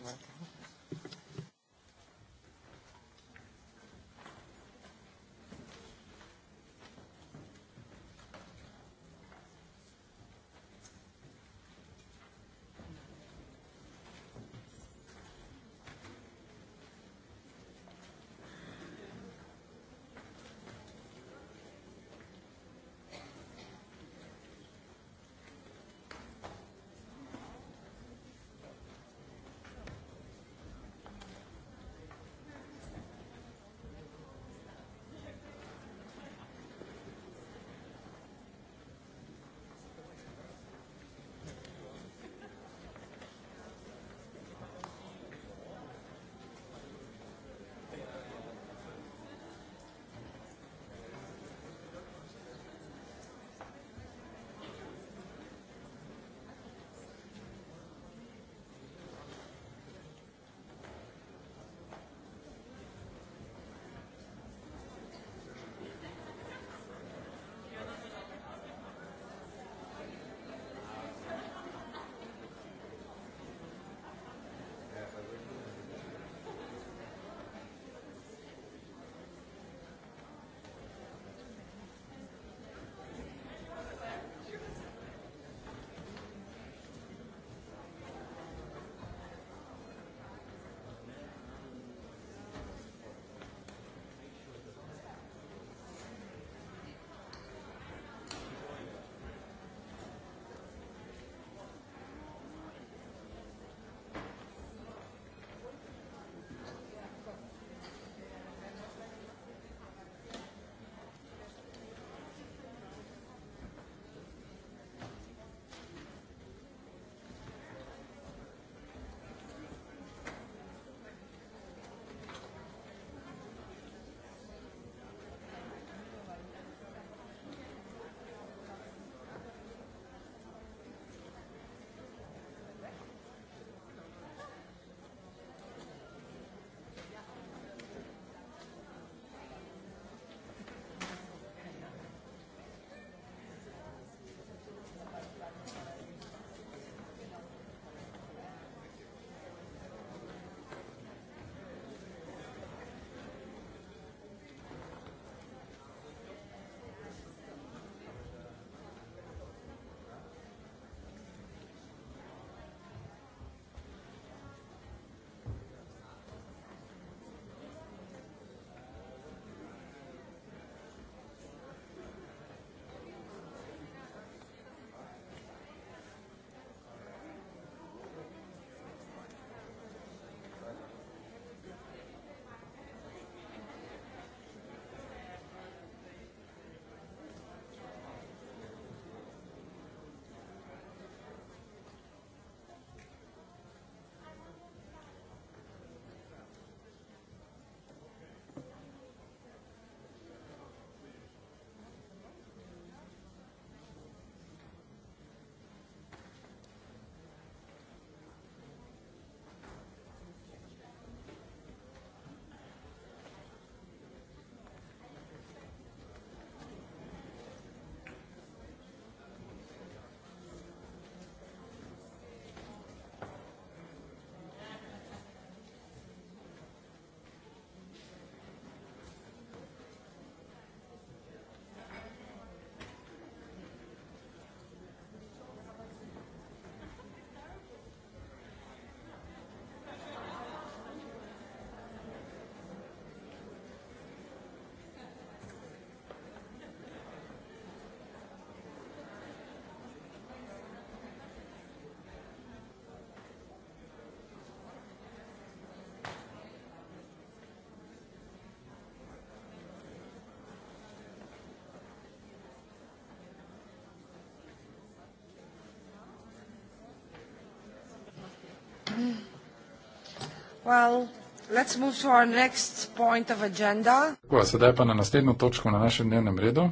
Well, let's move to our next point of agenda. Tako, sedaj pa na naslednjo točko na našem dnevnem redu.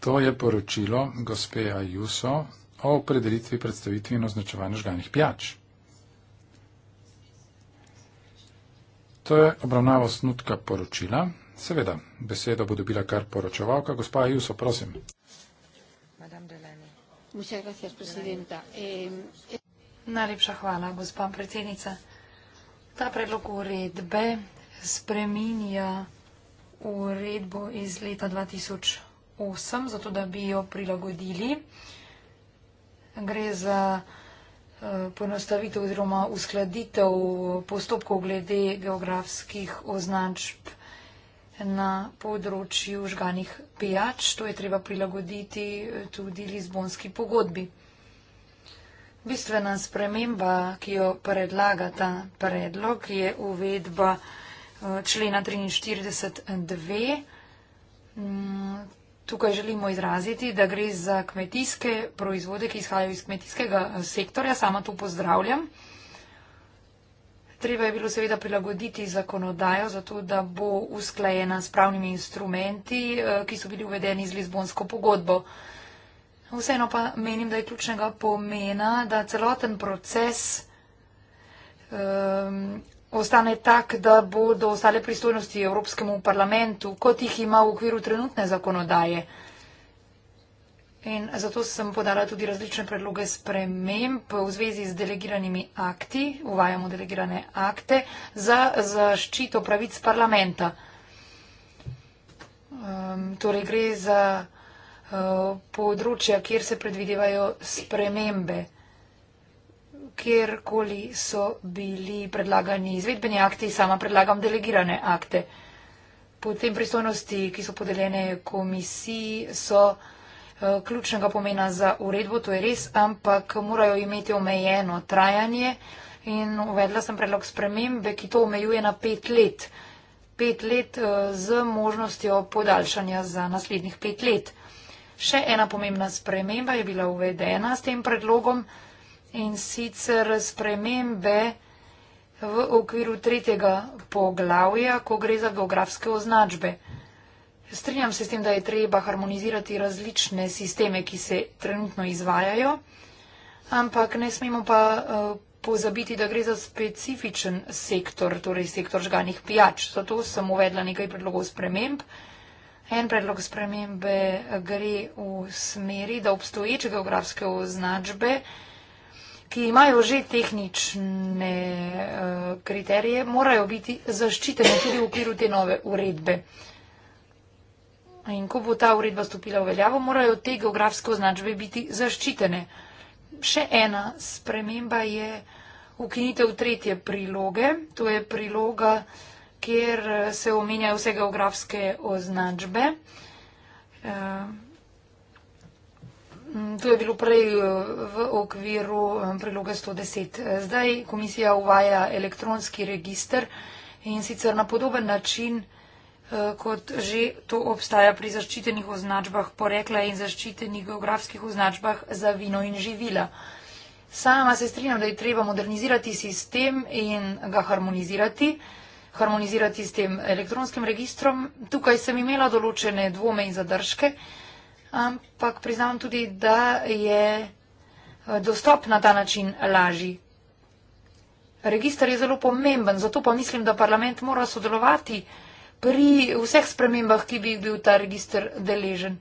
To je poročilo gospe Ajuso o opredelitvi, predstavitvi in označevanju žganih pijač. To je obravnava osnutka poročila. Seveda, besedo bo dobila kar poročevalka. Gospa Ajuso, prosim. Madame Delani. Muchas gracias, presidenta. Eh, Najlepša hvala, gospa predsednica. Ta predlog uredbe spreminja uredbo iz leta 2008, zato da bi jo prilagodili. Gre za eh, ponostavitev oziroma uskladitev postopkov glede geografskih označb na področju žganih pijač. To je treba prilagoditi tudi Lizbonski pogodbi. Bistvena sprememba, ki jo predlaga ta predlog, je uvedba eh, člena 43.2. Mm, tukaj želimo izraziti, da gre za kmetijske proizvode, ki izhajajo iz kmetijskega eh, sektorja. Sama to pozdravljam. Treba je bilo seveda prilagoditi zakonodajo, zato da bo usklajena s pravnimi instrumenti, eh, ki so bili uvedeni z Lizbonsko pogodbo. Vseeno pa menim, da je ključnega pomena, da celoten proces um, ostane tak, da bodo ostale pristojnosti Evropskemu parlamentu, kot jih ima v okviru trenutne zakonodaje. In zato sem podala tudi različne predloge sprememb v zvezi z delegiranimi akti, uvajamo delegirane akte za zaščito pravic parlamenta. Um, torej gre za. Eh, področja, kjer se predvidevajo spremembe, kjerkoli so bili predlagani izvedbeni akti, sama predlagam delegirane akte. Potem pristojnosti, ki so podeljene komisiji, so eh, ključnega pomena za uredbo, to je res, ampak morajo imeti omejeno trajanje in uvedla sem predlog spremembe, ki to omejuje na pet let. Pet let eh, z možnostjo podaljšanja za naslednjih pet let. Še ena pomembna sprememba je bila uvedena s tem predlogom in sicer spremembe v okviru tretjega poglavja, ko gre za geografske označbe. Strinjam se s tem, da je treba harmonizirati različne sisteme, ki se trenutno izvajajo, ampak ne smemo pa eh, pozabiti, da gre za specifičen sektor, torej sektor žganih pijač. Zato sem uvedla nekaj predlogov sprememb. En predlog spremembe eh, gre v smeri, da obstoječe geografske označbe, ki imajo že tehnične eh, kriterije, morajo biti zaščitene tudi v okviru te nove uredbe. In ko bo ta uredba stopila v veljavo, morajo te geografske označbe biti zaščitene. Še ena sprememba je ukinitev tretje priloge, to je priloga kjer eh, se omenjajo vse geografske označbe. Eh, to je bilo prej eh, v okviru priloga 110. Zdaj komisija uvaja elektronski register in sicer na podoben način, kot že to obstaja pri zaščitenih označbah porekla in zaščitenih geografskih označbah za vino in živila. Sama se strinjam, da je treba modernizirati sistem in ga harmonizirati harmonizirati s tem elektronskim registrom. Tukaj sem imela določene dvome in zadržke, ampak priznam tudi, da je eh, dostop na ta način lažji. Registr je zelo pomemben, zato pa mislim, da parlament mora sodelovati pri vseh spremembah, ki bi bil ta registr deležen.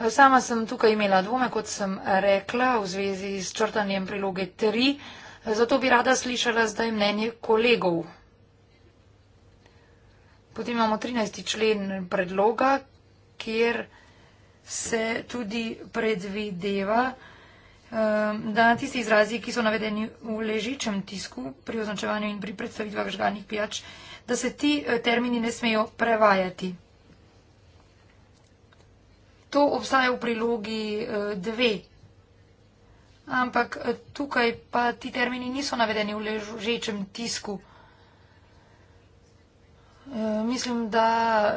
Eh, sama sem tukaj imela dvome, kot sem rekla, v zvezi s črtanjem priloge 3, eh, zato bi rada slišala zdaj mnenje kolegov. Potem imamo 13. člen predloga, kjer se tudi predvideva, eh, da na tisti izrazi, ki so navedeni v ležičem tisku pri označevanju in pri predstavitvah žgalnih pijač, da se ti eh, termini ne smejo prevajati. To obstaja v prilogi 2, eh, ampak tukaj pa ti termini niso navedeni v ležičem tisku. Eh, mislim, da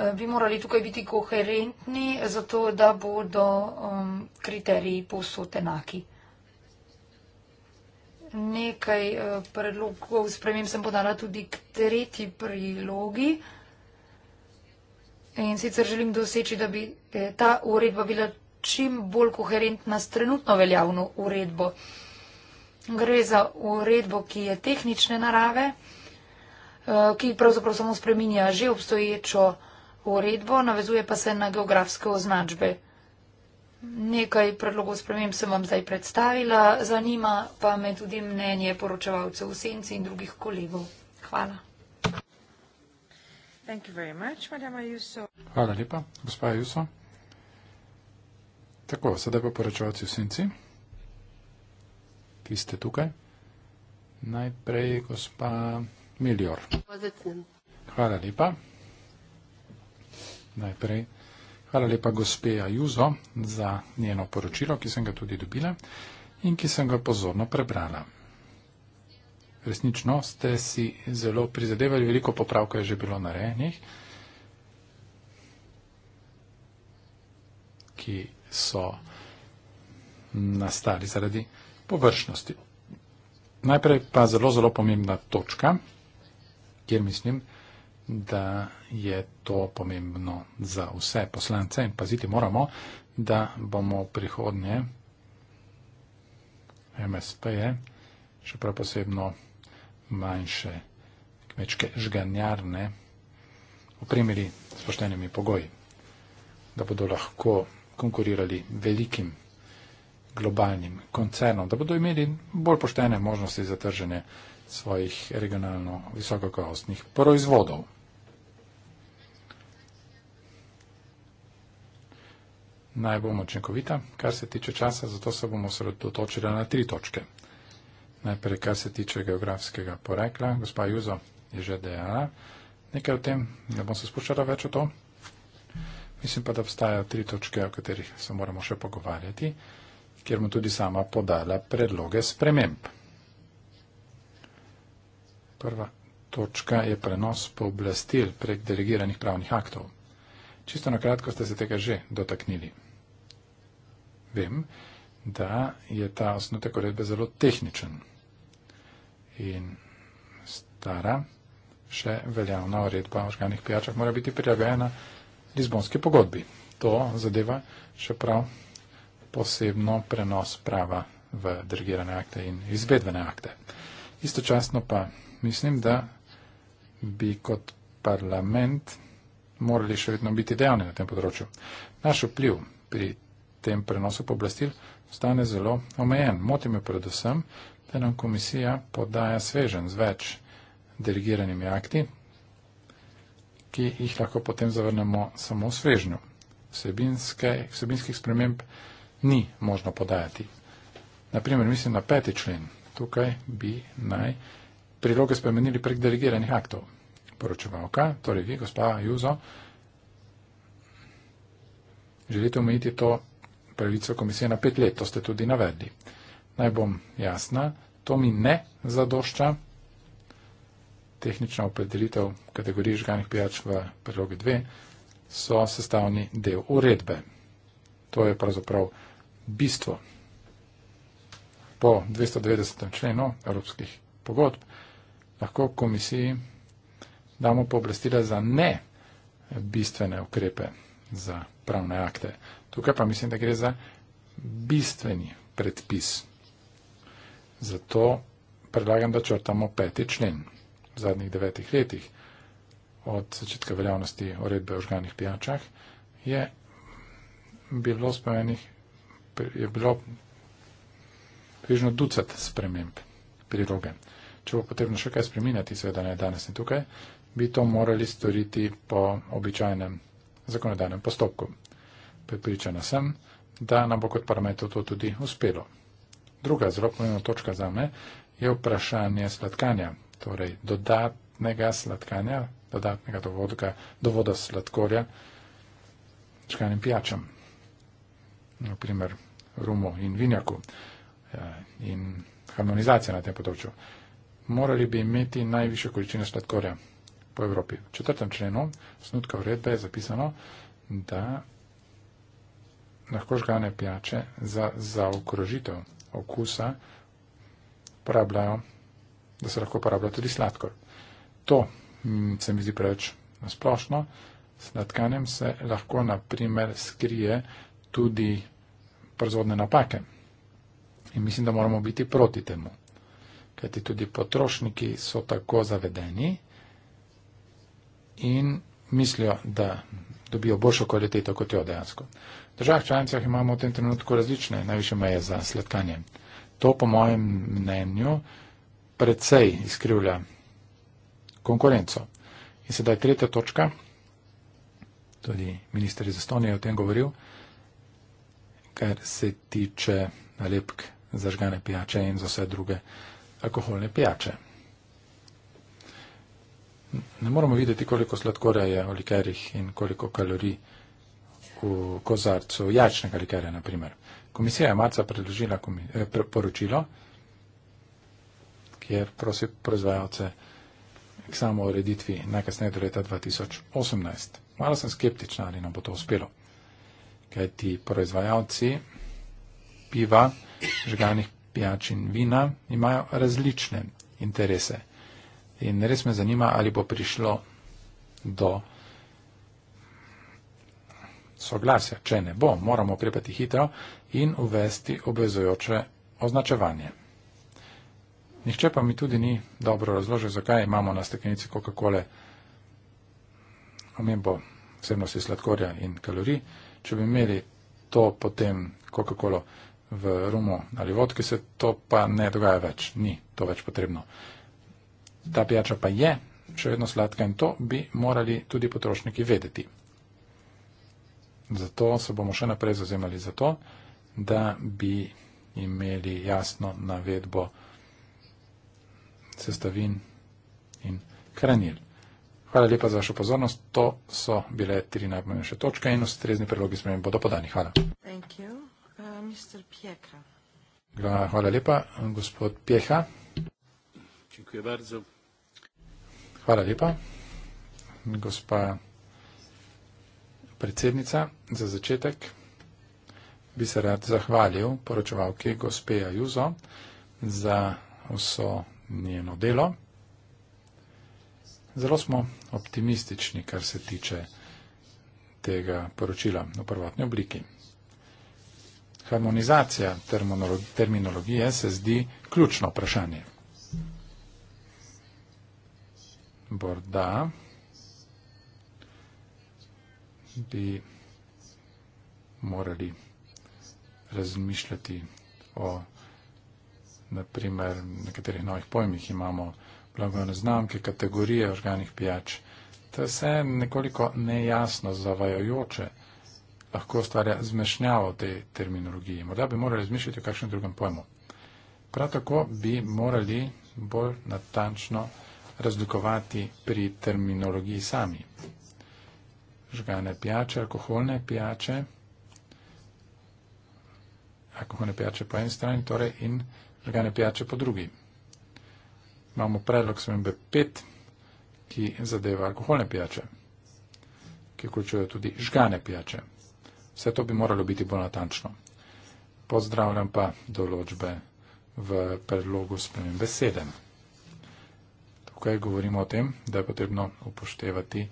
eh, bi morali tukaj biti koherentni, zato da bodo um, kriteriji posod enaki. Nekaj uh, predlogov spremem sem podala tudi k tretji prilogi. In sicer želim doseči, da bi eh, ta uredba bila čim bolj koherentna s trenutno veljavno uredbo. Gre za uredbo, ki je tehnične narave. Eh, ki pravzaprav samo spreminja že obstoječo uredbo, navezuje pa se na geografske označbe. Nekaj predlogov sprememb sem vam zdaj predstavila, zanima pa me tudi mnenje poročevalcev v senci in drugih kolegov. Hvala. Hvala lepa, gospa Juso. Tako, sedaj pa poročevalci v senci, ki ste tukaj. Najprej gospa Melior. Hvala lepa. Najprej. Hvala lepa gospe Ajuzo za njeno poročilo, ki sem ga tudi dobila in ki sem ga pozorno prebrala. Resnično ste si zelo prizadevali, veliko popravka je že bilo narejenih, ki so nastali zaradi površnosti. Najprej pa zelo, zelo pomembna točka kjer mislim, da je to pomembno za vse poslance in paziti moramo, da bomo prihodnje MSP-je, še prav posebno manjše kmečke žganjarne, opremili s poštenimi pogoji, da bodo lahko konkurirali velikim globalnim koncernom, da bodo imeli bolj poštene možnosti za trženje svojih regionalno visokokakovostnih proizvodov. Naj bom očinkovita, kar se tiče časa, zato se bomo sredotočili na tri točke. Najprej, kar se tiče geografskega porekla, gospa Juzo je že dejala nekaj o tem, ne bom se spuščala več o to. Mislim pa, da obstajajo tri točke, o katerih se moramo še pogovarjati, kjer bom tudi sama podala predloge sprememb. Prva točka je prenos pooblastil prek delegiranih pravnih aktov. Čisto na kratko ste se tega že dotaknili. Vem, da je ta osnutek uredbe zelo tehničen in stara, še veljavna uredba o žganih pijačah mora biti prilagajena Lizbonski pogodbi. To zadeva še prav posebno prenos prava v delegirane akte in izvedbene akte. Istočasno pa mislim, da bi kot parlament morali še vedno biti dejavni na tem področju. Naš vpliv pri tem prenosu pooblastil ostane zelo omejen. Moti me predvsem, da nam komisija podaja svežen z več delegiranimi akti, ki jih lahko potem zavrnemo samo v svežnju. Vsebinske, vsebinskih sprememb ni možno podajati. Naprimer, mislim na peti člen. Tukaj bi naj priloge spremenili prek delegiranih aktov. Poročevalka, torej vi, gospa Juzo, želite omejiti to pravico komisije na pet let, to ste tudi navedli. Naj bom jasna, to mi ne zadošča tehnična opredelitev kategorij žganih pijač v predlogi 2 so sestavni del uredbe. To je pravzaprav bistvo. Po 290. členu evropskih pogodb lahko komisiji damo pooblastila za ne bistvene ukrepe za pravne akte. Tukaj pa mislim, da gre za bistveni predpis. Zato predlagam, da črtamo peti člen v zadnjih devetih letih od začetka veljavnosti uredbe o žganih pijačah, je bilo spomenih, je bilo prižno ducat sprememb priloge če bo potrebno še kaj spremenjati, seveda ne danes in tukaj, bi to morali storiti po običajnem zakonodajnem postopku. Pripričana sem, da nam bo kot parametru to tudi uspelo. Druga zelo pomembna točka za me je vprašanje sladkanja, torej dodatnega sladkanja, dodatnega dovodka, dovoda sladkorja čkanim pijačam, naprimer rumu in vinjaku ja, in harmonizacija na tem področju morali bi imeti najviše količine sladkorja po Evropi. V četrtem členu snutka uredbe je zapisano, da lahko žgane pijače za zaokrožitev okusa uporabljajo, da se lahko uporablja tudi sladkor. To mm, se mi zdi preveč splošno. Sladkanjem se lahko na primer skrije tudi proizvodne napake. In mislim, da moramo biti proti temu kajti tudi potrošniki so tako zavedeni in mislijo, da dobijo boljšo kvaliteto, kot jo dejansko. V državah članicah imamo v tem trenutku različne najviše meje za sladkanje. To, po mojem mnenju, precej izkrivlja konkurenco. In sedaj tretja točka, tudi minister iz Estonije je o tem govoril, kar se tiče nalepk zažgane pijače in za vse druge uh, alkoholne pijače. Ne moramo videti, koliko sladkorja je v likerjih in koliko kalorij v kozarcu jačnega likerja, naprimer. Komisija je marca predložila eh, poročilo, kjer prosi proizvajalce k samo ureditvi najkasneje do leta 2018. Malo sem skeptična, ali nam bo to uspelo, kaj ti proizvajalci piva, žganih pijač in vina imajo različne interese. In res me zanima, ali bo prišlo do soglasja. Če ne bo, moramo ukrepati hitro in uvesti obvezujoče označevanje. Nihče pa mi tudi ni dobro razložil, zakaj imamo na steklenici Coca-Cole omembo vsebnosti sladkorja in kalorij. Če bi imeli to potem Coca-Colo v rumu ali vodki se to pa ne dogaja več, ni to več potrebno. Ta pijača pa je še vedno sladka in to bi morali tudi potrošniki vedeti. Zato se bomo še naprej zazemali za to, da bi imeli jasno navedbo sestavin in hranil. Hvala lepa za vašo pozornost. To so bile tri najpomembnejše točke in ustrezni predlogi smo jim bodo podani. Hvala. Thank you minister Pieka. Hvala lepa, gospod Pieha. Dziękuję bardzo. Hvala lepa, gospa predsednica. Za začetek bi se rad zahvalil poročevalki gospe Ajuzo za vso njeno delo. Zelo smo optimistični, kar se tiče tega poročila v prvotni obliki harmonizacija terminologije se zdi ključno vprašanje. Borda bi morali razmišljati o naprimer nekaterih novih pojmih. Imamo blagovne znamke, kategorije organih pijač. To je vse nekoliko nejasno, zavajajoče lahko stvarja zmešnjavo te terminologije. Morda bi morali razmišljati o kakšnem drugem pojmu. Prav tako bi morali bolj natančno razlikovati pri terminologiji sami. Žgane pijače, alkoholne pijače, alkoholne pijače po eni strani torej in žgane pijače po drugi. Imamo predlog SMB5, ki zadeva alkoholne pijače, ki vključuje tudi žgane pijače. Vse to bi moralo biti bolj natančno. Pozdravljam pa določbe v predlogu spremem besedem. Tukaj govorimo o tem, da je potrebno upoštevati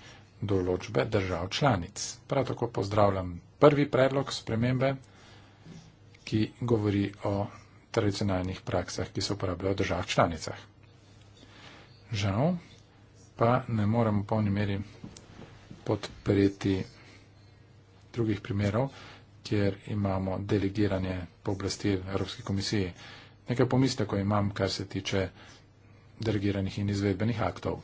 določbe držav članic. Prav tako pozdravljam prvi predlog spremembe, ki govori o tradicionalnih praksah, ki se uporabljajo v držav članicah. Žal pa ne moremo v polni meri podpreti drugih primerov, kjer imamo delegiranje pooblasti Evropske komisije. Nekaj pomisleko imam, kar se tiče delegiranih in izvedbenih aktov.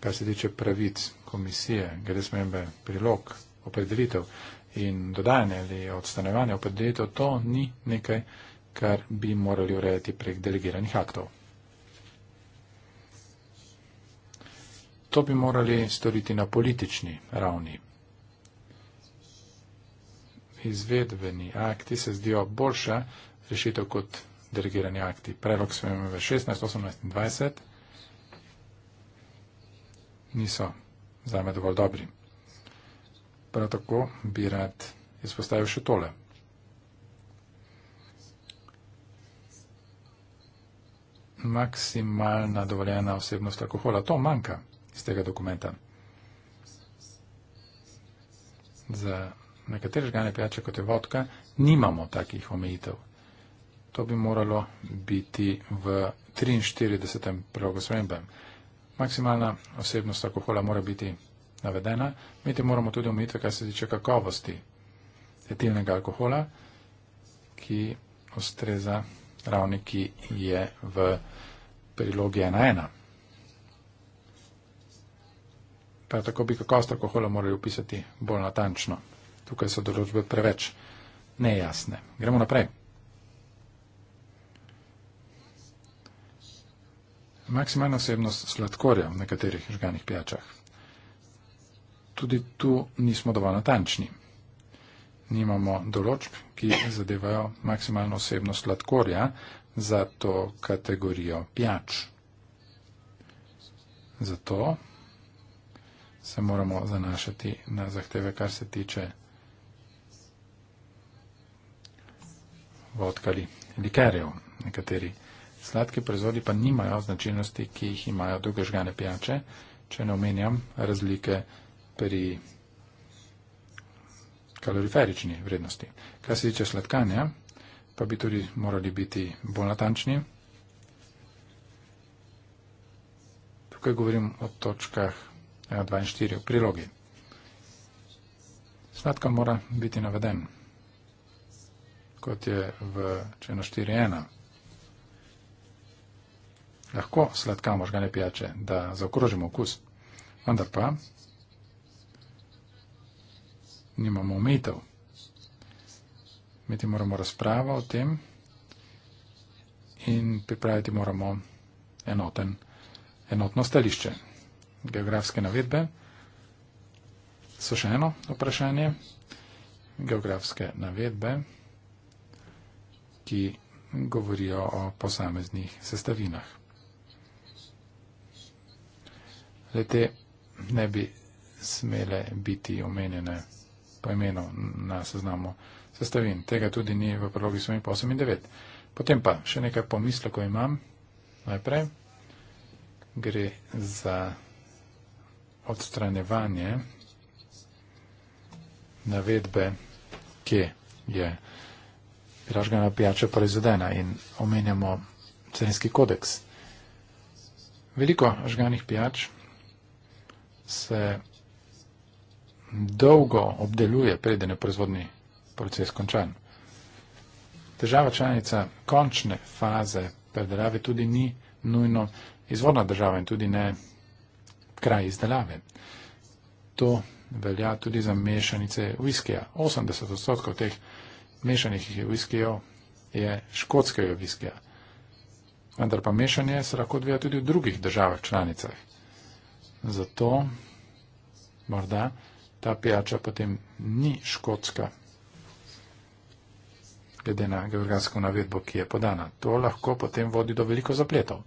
Kar se tiče pravic komisije, glede smembe prilog, opredelitev in dodajanje ali odstanevanje opredelitev, to ni nekaj, kar bi morali urediti prek delegiranih aktov. To bi morali storiti na politični ravni. Izvedbeni akti se zdijo boljša rešitev kot delegirani akti. Predlog smo imeli 16, 18 in 20. Niso za me dovolj dobri. Prav tako bi rad izpostavil še tole. Maksimalna dovoljena osebnost alkohola. To manjka iz tega dokumenta. Za nekatere žgane pijače, kot je vodka, nimamo takih omejitev. To bi moralo biti v 43. pravogosvembem. Maksimalna osebnost alkohola mora biti navedena. Mi te moramo tudi omejitve, kar se tiče kakovosti etilnega alkohola, ki ostreza ravni, ki je v prilogi 1.1. Prav tako bi kakost alkohola morali upisati bolj natančno. Tukaj so določbe preveč nejasne. Gremo naprej. Maksimalna osebnost sladkorja v nekaterih žganih pijačah. Tudi tu nismo dovolj natančni. Nimamo določb, ki zadevajo maksimalno osebnost sladkorja za to kategorijo pijač. Zato se moramo zanašati na zahteve, kar se tiče vodka ali likerjev. Nekateri sladki proizvodi pa nimajo značilnosti, ki jih imajo druge žgane pijače, če ne omenjam razlike pri kaloriferični vrednosti. Kar se tiče sladkanja, pa bi tudi morali biti bolj natančni. Tukaj govorim o točkah ena, dva in štiri v prilogi. Sladkor mora biti naveden, kot je v čeno štiri ena. Lahko sladka možgane pijače, da zaokrožimo okus, vendar pa nimamo umetov. Imeti moramo razpravo o tem in pripraviti moramo enoten, enotno stališče geografske navedbe. So še eno vprašanje. Geografske navedbe, ki govorijo o posameznih sestavinah. Lete ne bi smele biti omenjene po imenu na seznamu sestavin. Tega tudi ni v prologi 7, 8 in 9. Potem pa še nekaj pomisle, ko imam. Najprej gre za odstranjevanje navedbe, ki je piražgana pijača proizvedena in omenjamo carinski kodeks. Veliko žganih pijač se dolgo obdeluje, preden je proizvodni proces končan. Država članica končne faze predelave tudi ni nujno izvorna država in tudi ne kraj izdelave. To velja tudi za mešanice viskija. 80 odstotkov teh mešanih viskijev je škotskega viskija. Vendar pa mešanje se lahko odvija tudi v drugih državah članicah. Zato morda ta pijača potem ni škotska, glede na geografsko navedbo, ki je podana. To lahko potem vodi do veliko zapletov.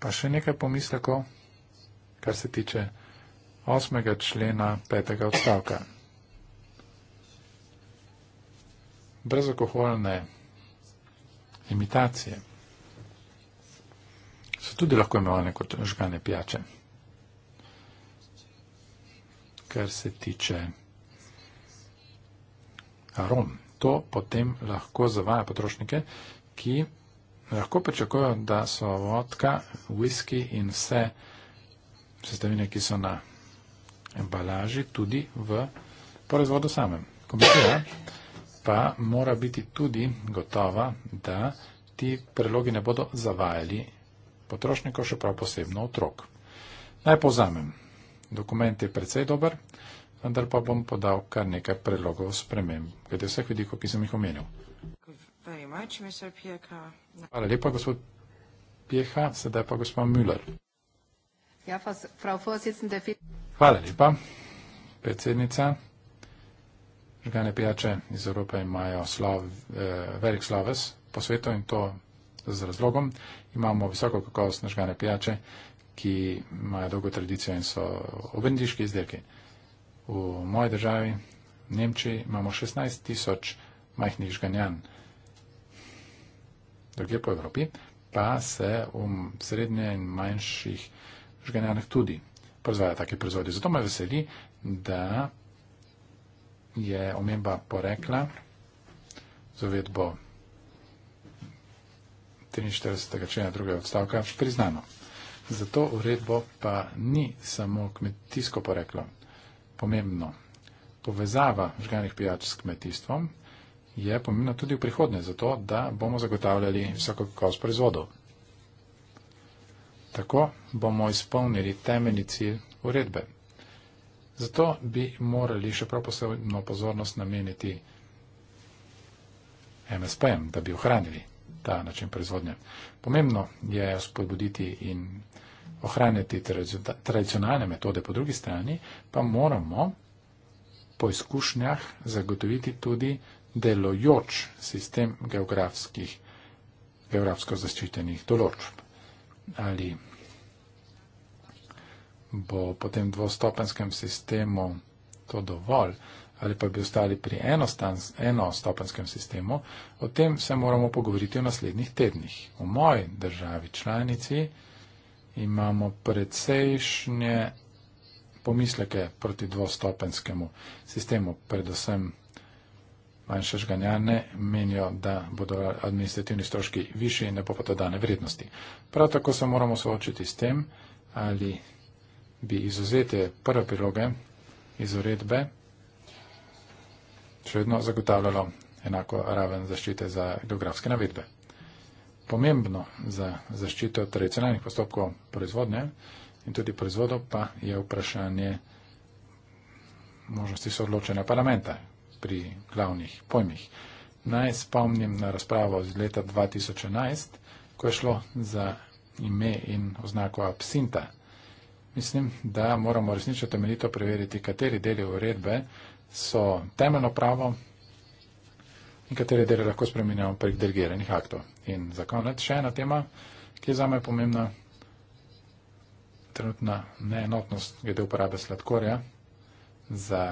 Pa še nekaj pomislekov, kar se tiče osmega člena petega odstavka. Brezalkoholne imitacije so tudi lahko imenovane kot žgane pijače. Kar se tiče arom, to potem lahko zavaja potrošnike, ki lahko pričakujejo, da so vodka, whisky in vse sestavine, ki so na embalaži, tudi v proizvodu samem. Komisija pa mora biti tudi gotova, da ti prelogi ne bodo zavajali potrošnikov, še prav posebno otrok. Naj povzamem. Dokument je precej dober, vendar pa bom podal kar nekaj prelogov sprememb, glede vseh vidikov, ki sem jih omenil. Hvala lepa, gospod Pjeha. Sedaj pa gospod Müller. Ja, Hvala lepa, predsednica. Žgane pijače iz Evrope imajo slav, eh, velik sloves po svetu in to z razlogom. Imamo visoko kakovost na žgane pijače, ki imajo dolgo tradicijo in so obendiški izdelki. V moji državi, Nemčiji, imamo 16 tisoč majhnih žganjanj drugje po Evropi, pa se v srednje in manjših žganjanih tudi proizvaja take proizvode. Zato me veseli, da je omemba porekla z uvedbo 43. člena drugega odstavka priznano. Zato uredbo pa ni samo kmetijsko poreklo. Pomembno. Povezava žganih pijač s kmetijstvom je pomembna tudi v prihodnje, zato da bomo zagotavljali visoko kakovost proizvodov. Tako bomo izpolnili temeljni cilj uredbe. Zato bi morali še prav posebno pozornost nameniti MSP-jem, da bi ohranili ta način proizvodnje. Pomembno je spodbuditi in ohranjati tradicionalne metode, po drugi strani pa moramo po izkušnjah zagotoviti tudi delojoč sistem geografskih, geografsko zaščitenih določb. Ali bo po tem dvostopenskem sistemu to dovolj, ali pa bi ostali pri enostopenskem sistemu, o tem se moramo pogovoriti v naslednjih tednih. V moji državi članici imamo precejšnje pomisleke proti dvostopenskemu sistemu, predvsem manjše žganjane menijo, da bodo administrativni stroški više in ne bo pa to dane vrednosti. Prav tako se moramo soočiti s tem, ali bi izuzete prve priloge iz uredbe še vedno zagotavljalo enako raven zaščite za geografske navedbe. Pomembno za zaščito tradicionalnih torej postopkov proizvodnje in tudi proizvodov pa je vprašanje možnosti soodločanja parlamenta, pri glavnih pojmih. Naj spomnim na razpravo iz leta 2011, ko je šlo za ime in oznako absinta. Mislim, da moramo resnično temeljito preveriti, kateri deli uredbe so temeljno pravo in kateri deli lahko spremenjamo prek delegiranih aktov. In za konec še ena tema, ki je za me pomembna, trenutna neenotnost glede uporabe sladkorja za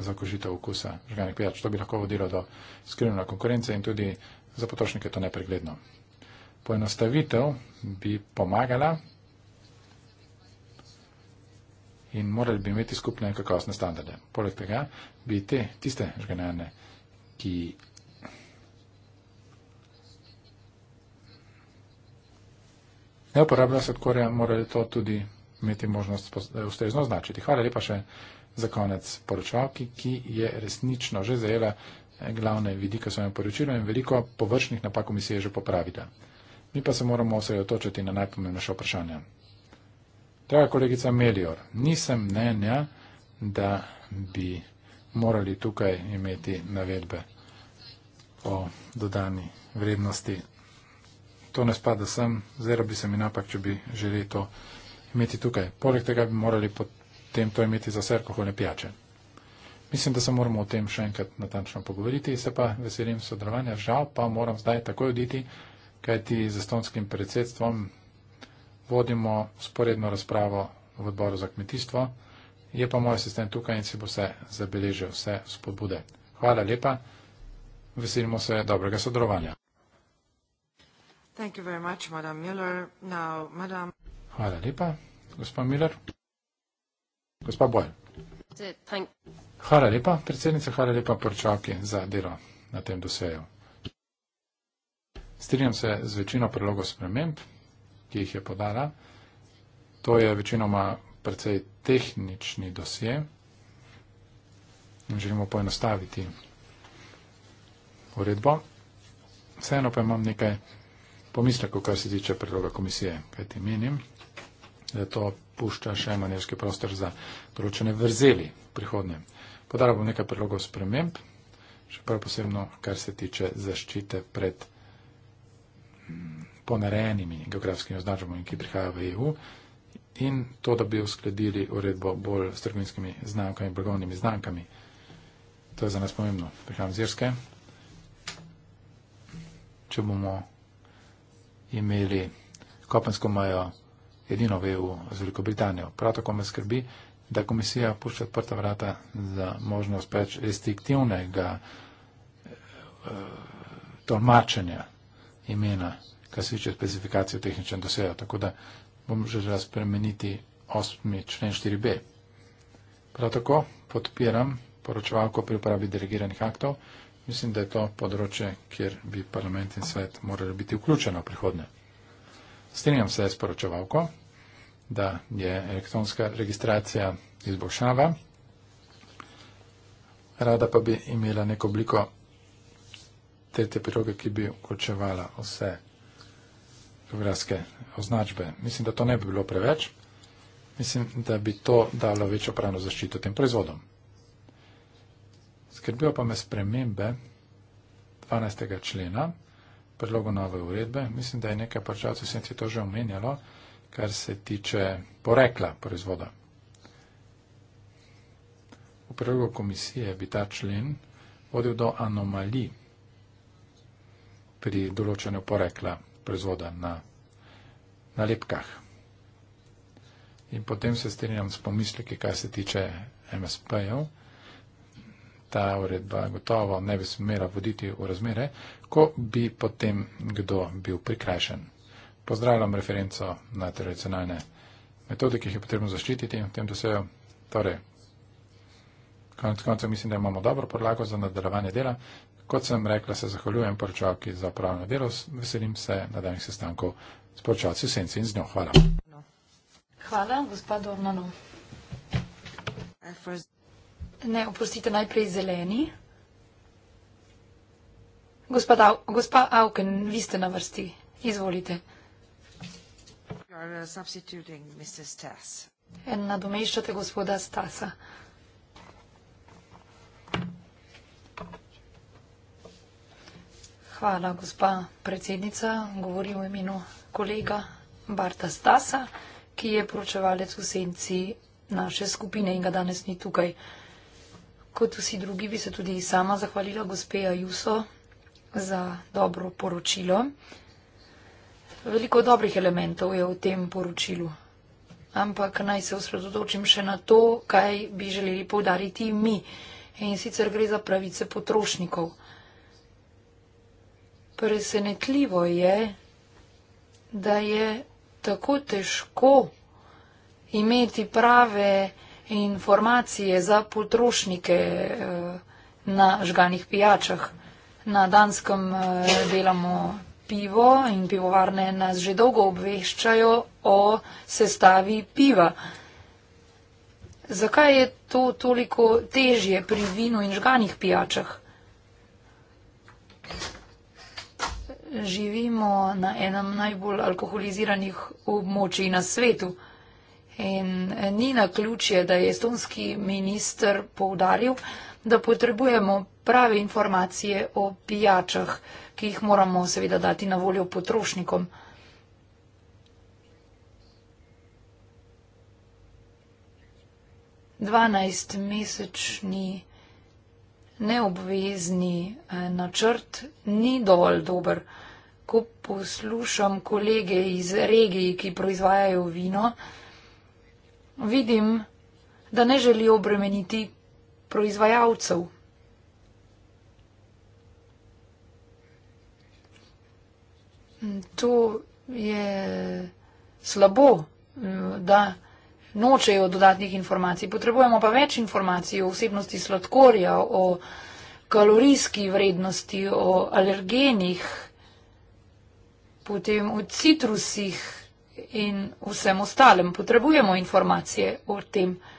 zakožitev okusa žganih pijač. To bi lahko vodilo do skrivne konkurence in tudi za potrošnike to nepregledno. Poenostavitev bi pomagala in morali bi imeti skupne kakovostne standarde. Poleg tega bi te tiste žganjane, ki ne uporabljajo sladkorja, morali to tudi imeti možnost eh, ustrezno označiti. Hvala lepa še za konec poročavki, ki je resnično že zajela eh, glavne vidike svojega poročila in veliko površnih napak komisije že popravila. Mi pa se moramo osredotočiti na najpomembnejše vprašanje. Draga kolegica Melior, nisem mnenja, da bi morali tukaj imeti navedbe o dodani vrednosti. To ne spada sem, zelo bi se mi napak, če bi želeli to imeti tukaj. Poleg tega bi morali potem to imeti za vse alkoholne pijače. Mislim, da se moramo o tem še enkrat natančno pogovoriti, se pa veselim sodelovanja. Žal pa moram zdaj takoj oditi, kajti z estonskim predsedstvom vodimo sporedno razpravo v odboru za kmetijstvo. Je pa moj asistent tukaj in si bo vse zabeležil, vse spodbude. Hvala lepa. Veselimo se dobrega sodelovanja. Hvala lepa, gospod Miller. Gospa Boj. Hvala lepa, predsednica, hvala lepa, poročavki, za delo na tem doseju. Strinjam se z večino predlogov sprememb, ki jih je podala. To je večinoma precej tehnični dosje in želimo poenostaviti uredbo. Vseeno pa imam nekaj pomislekov, kar se tiče predloga komisije, kaj ti menim, da to pušča še manjerski prostor za določene vrzeli prihodnje. Podaral bom nekaj predlogov sprememb, še prav posebno, kar se tiče zaščite pred mm, ponarejenimi geografskimi označbami, ki prihajajo v EU in to, da bi uskladili uredbo bolj s trgovinskimi znamkami, blagovnimi znamkami. To je za nas pomembno. Prihajam z Irske. Če bomo imeli kopensko majo edino v EU z Veliko Britanijo. Prav tako me skrbi, da komisija pušča odprta vrata za možnost preveč restriktivnega uh, tolmačenja imena, kar se tiče specifikacije tehničnih dosega. Tako da bom želela spremeniti 8. člen 4b. Prav tako podpiram poročevalko pri uporabi delegiranih aktov. Mislim, da je to področje, kjer bi parlament in svet morali biti vključeni v prihodnje. Strinjam se s poročevalko da je elektronska registracija izboljšava. Rada pa bi imela neko obliko tete priroge, ki bi vključevala vse geografske označbe. Mislim, da to ne bi bilo preveč. Mislim, da bi to dalo večjo pravno zaščito tem proizvodom. Skrbijo pa me spremembe 12. člena predlogu nove uredbe. Mislim, da je nekaj pačalcev sem si to že omenjalo kar se tiče porekla proizvoda. V prilogu komisije bi ta člen vodil do anomalij pri določenju porekla proizvoda na nalepkah. In potem se strinjam s pomisliki, kaj se tiče MSP-jev. Ta uredba gotovo ne bi smela voditi v razmere, ko bi potem kdo bil prikrajšen pozdravljam referenco na tradicionalne metode, ki jih je potrebno zaščititi v tem dosejo. Torej, konec koncev mislim, da imamo dobro podlago za nadaljevanje dela. Kot sem rekla, se zahvaljujem poročavki za pravno delo, veselim se nadaljnih sestankov s poročavci v senci in z njo. Hvala. Hvala, gospod Ormanov. Ne, oprostite, najprej zeleni. Gospod, gospa Auken, vi ste na vrsti. Izvolite. Uh, nadomeščate gospoda Stasa. Hvala, gospa predsednica. Govorim v imenu kolega Barta Stasa, ki je poročevalec v senci naše skupine in ga danes ni tukaj. Kot vsi drugi bi se tudi sama zahvalila gospe Ajuso za dobro poročilo. Veliko dobrih elementov je v tem poročilu. Ampak naj se osredotočim še na to, kaj bi želeli povdariti mi. In sicer gre za pravice potrošnikov. Presenetljivo je, da je tako težko imeti prave informacije za potrošnike eh, na žganih pijačah. Na danskem eh, delamo pivo in pivovarne nas že dolgo obveščajo o sestavi piva. Zakaj je to toliko težje pri vinu in žganih pijačah? Živimo na enem najbolj alkoholiziranih območij na svetu in ni na ključje, da je estonski minister poudaril, da potrebujemo prave informacije o pijačah, ki jih moramo seveda dati na voljo potrošnikom. Dvanajst mesečni neobvezni eh, načrt ni dovolj dober. Ko poslušam kolege iz regiji, ki proizvajajo vino, vidim, da ne želijo obremeniti proizvajalcev. To je slabo, da nočejo dodatnih informacij. Potrebujemo pa več informacij o vsebnosti sladkorja, o kalorijski vrednosti, o alergenih, potem o citrusih in vsem ostalem. Potrebujemo informacije o tem, kaj.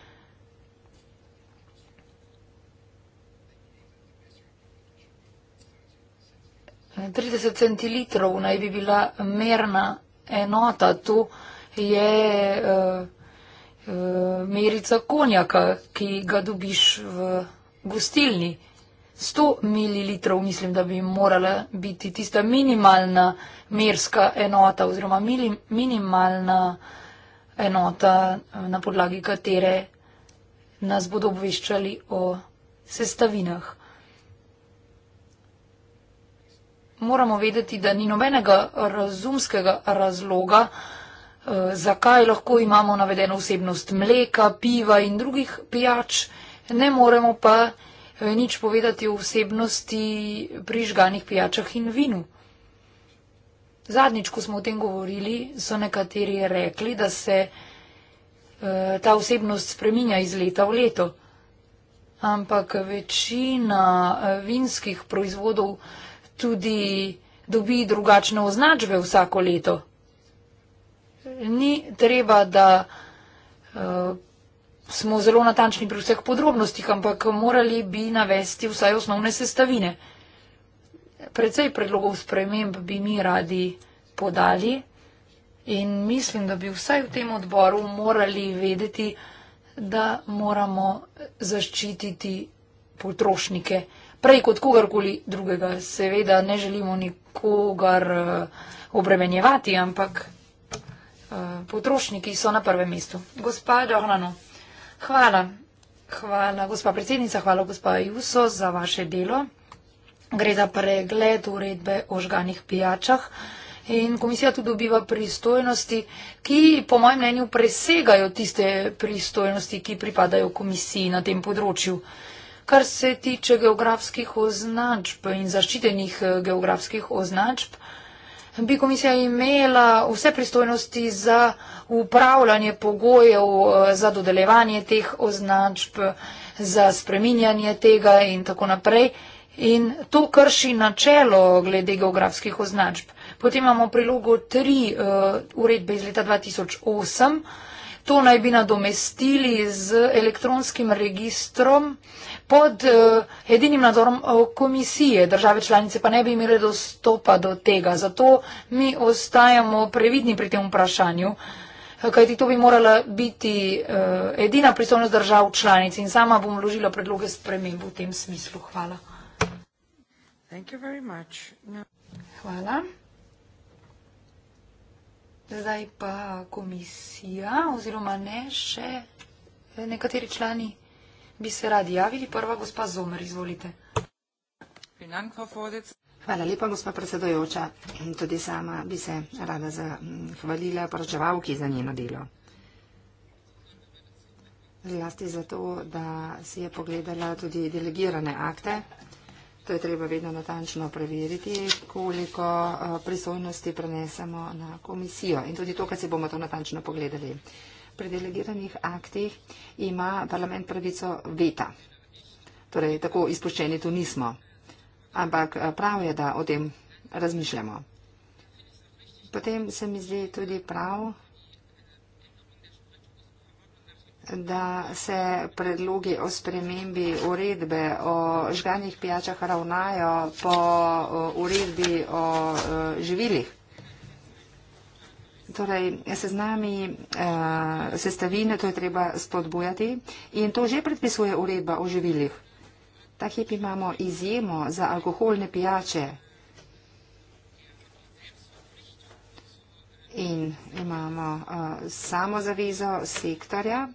30 centilitrov naj bi bila merna enota. Tu je uh, uh, merica konjaka, ki ga dobiš v gostilni. 100 mililitrov mislim, da bi morala biti tista minimalna merska enota oziroma mili, minimalna enota, eh, na podlagi katere nas bodo obveščali o sestavinah. moramo vedeti, da ni nobenega razumskega razloga, eh, zakaj lahko imamo navedeno vsebnost mleka, piva in drugih pijač, ne moremo pa eh, nič povedati o vsebnosti pri žganih pijačah in vinu. Zadnjič, ko smo o tem govorili, so nekateri rekli, da se eh, ta vsebnost spreminja iz leta v leto. Ampak večina vinskih proizvodov tudi dobi drugačne označbe vsako leto. Ni treba, da uh, smo zelo natančni pri vseh podrobnostih, ampak morali bi navesti vsaj osnovne sestavine. Predvsej predlogov sprememb bi mi radi podali in mislim, da bi vsaj v tem odboru morali vedeti, da moramo zaščititi potrošnike prej kot kogarkoli drugega. Seveda ne želimo nikogar eh, obremenjevati, ampak eh, potrošniki so na prvem mestu. Gospa Johnano, hvala. Hvala, gospa predsednica, hvala, gospa Juso, za vaše delo. Gre za pregled uredbe o žganih pijačah. In komisija tu dobiva pristojnosti, ki po mojem mnenju presegajo tiste pristojnosti, ki pripadajo komisiji na tem področju. Kar se tiče geografskih označb in zaščitenih eh, geografskih označb, bi komisija imela vse pristojnosti za upravljanje pogojev eh, za dodelevanje teh označb, za spreminjanje tega in tako naprej. In to krši načelo glede geografskih označb. Potem imamo prilogo 3 uh, eh, uredbe iz leta 2008. To naj bi nadomestili z elektronskim registrom pod eh, edinim nadzorom eh, komisije. Države članice pa ne bi imeli dostopa do tega. Zato mi ostajamo previdni pri tem vprašanju. Eh, kajti to bi morala biti edina pristojnost držav članic in sama bom vložila predloge sprememb v tem smislu. Hvala. Thank you very much. No. Hvala zdaj pa komisija oziroma ne še nekateri člani bi se radi javili. Prva gospa Zomer, izvolite. Hvala lepa, gospa predsedojoča. Tudi sama bi se rada zahvalila poročevalki za njeno delo. Zlasti zato, da si je pogledala tudi delegirane akte To je treba vedno natančno preveriti, koliko eh, pristojnosti prenesemo na komisijo. In tudi to, kar se bomo to natančno pogledali. Pri delegiranih aktih ima parlament pravico veta. Torej, tako izpuščeni tu nismo. Ampak eh, prav je, da o tem razmišljamo. Potem se mi zdi tudi prav, da se predlogi o spremembi uredbe o žganih pijačah ravnajo po uredbi o živilih. Torej, se z nami uh, sestavine, to je treba spodbujati in to že predpisuje uredba o živilih. Ta hip imamo izjemo za alkoholne pijače in imamo uh, eh, samozavizo sektorja.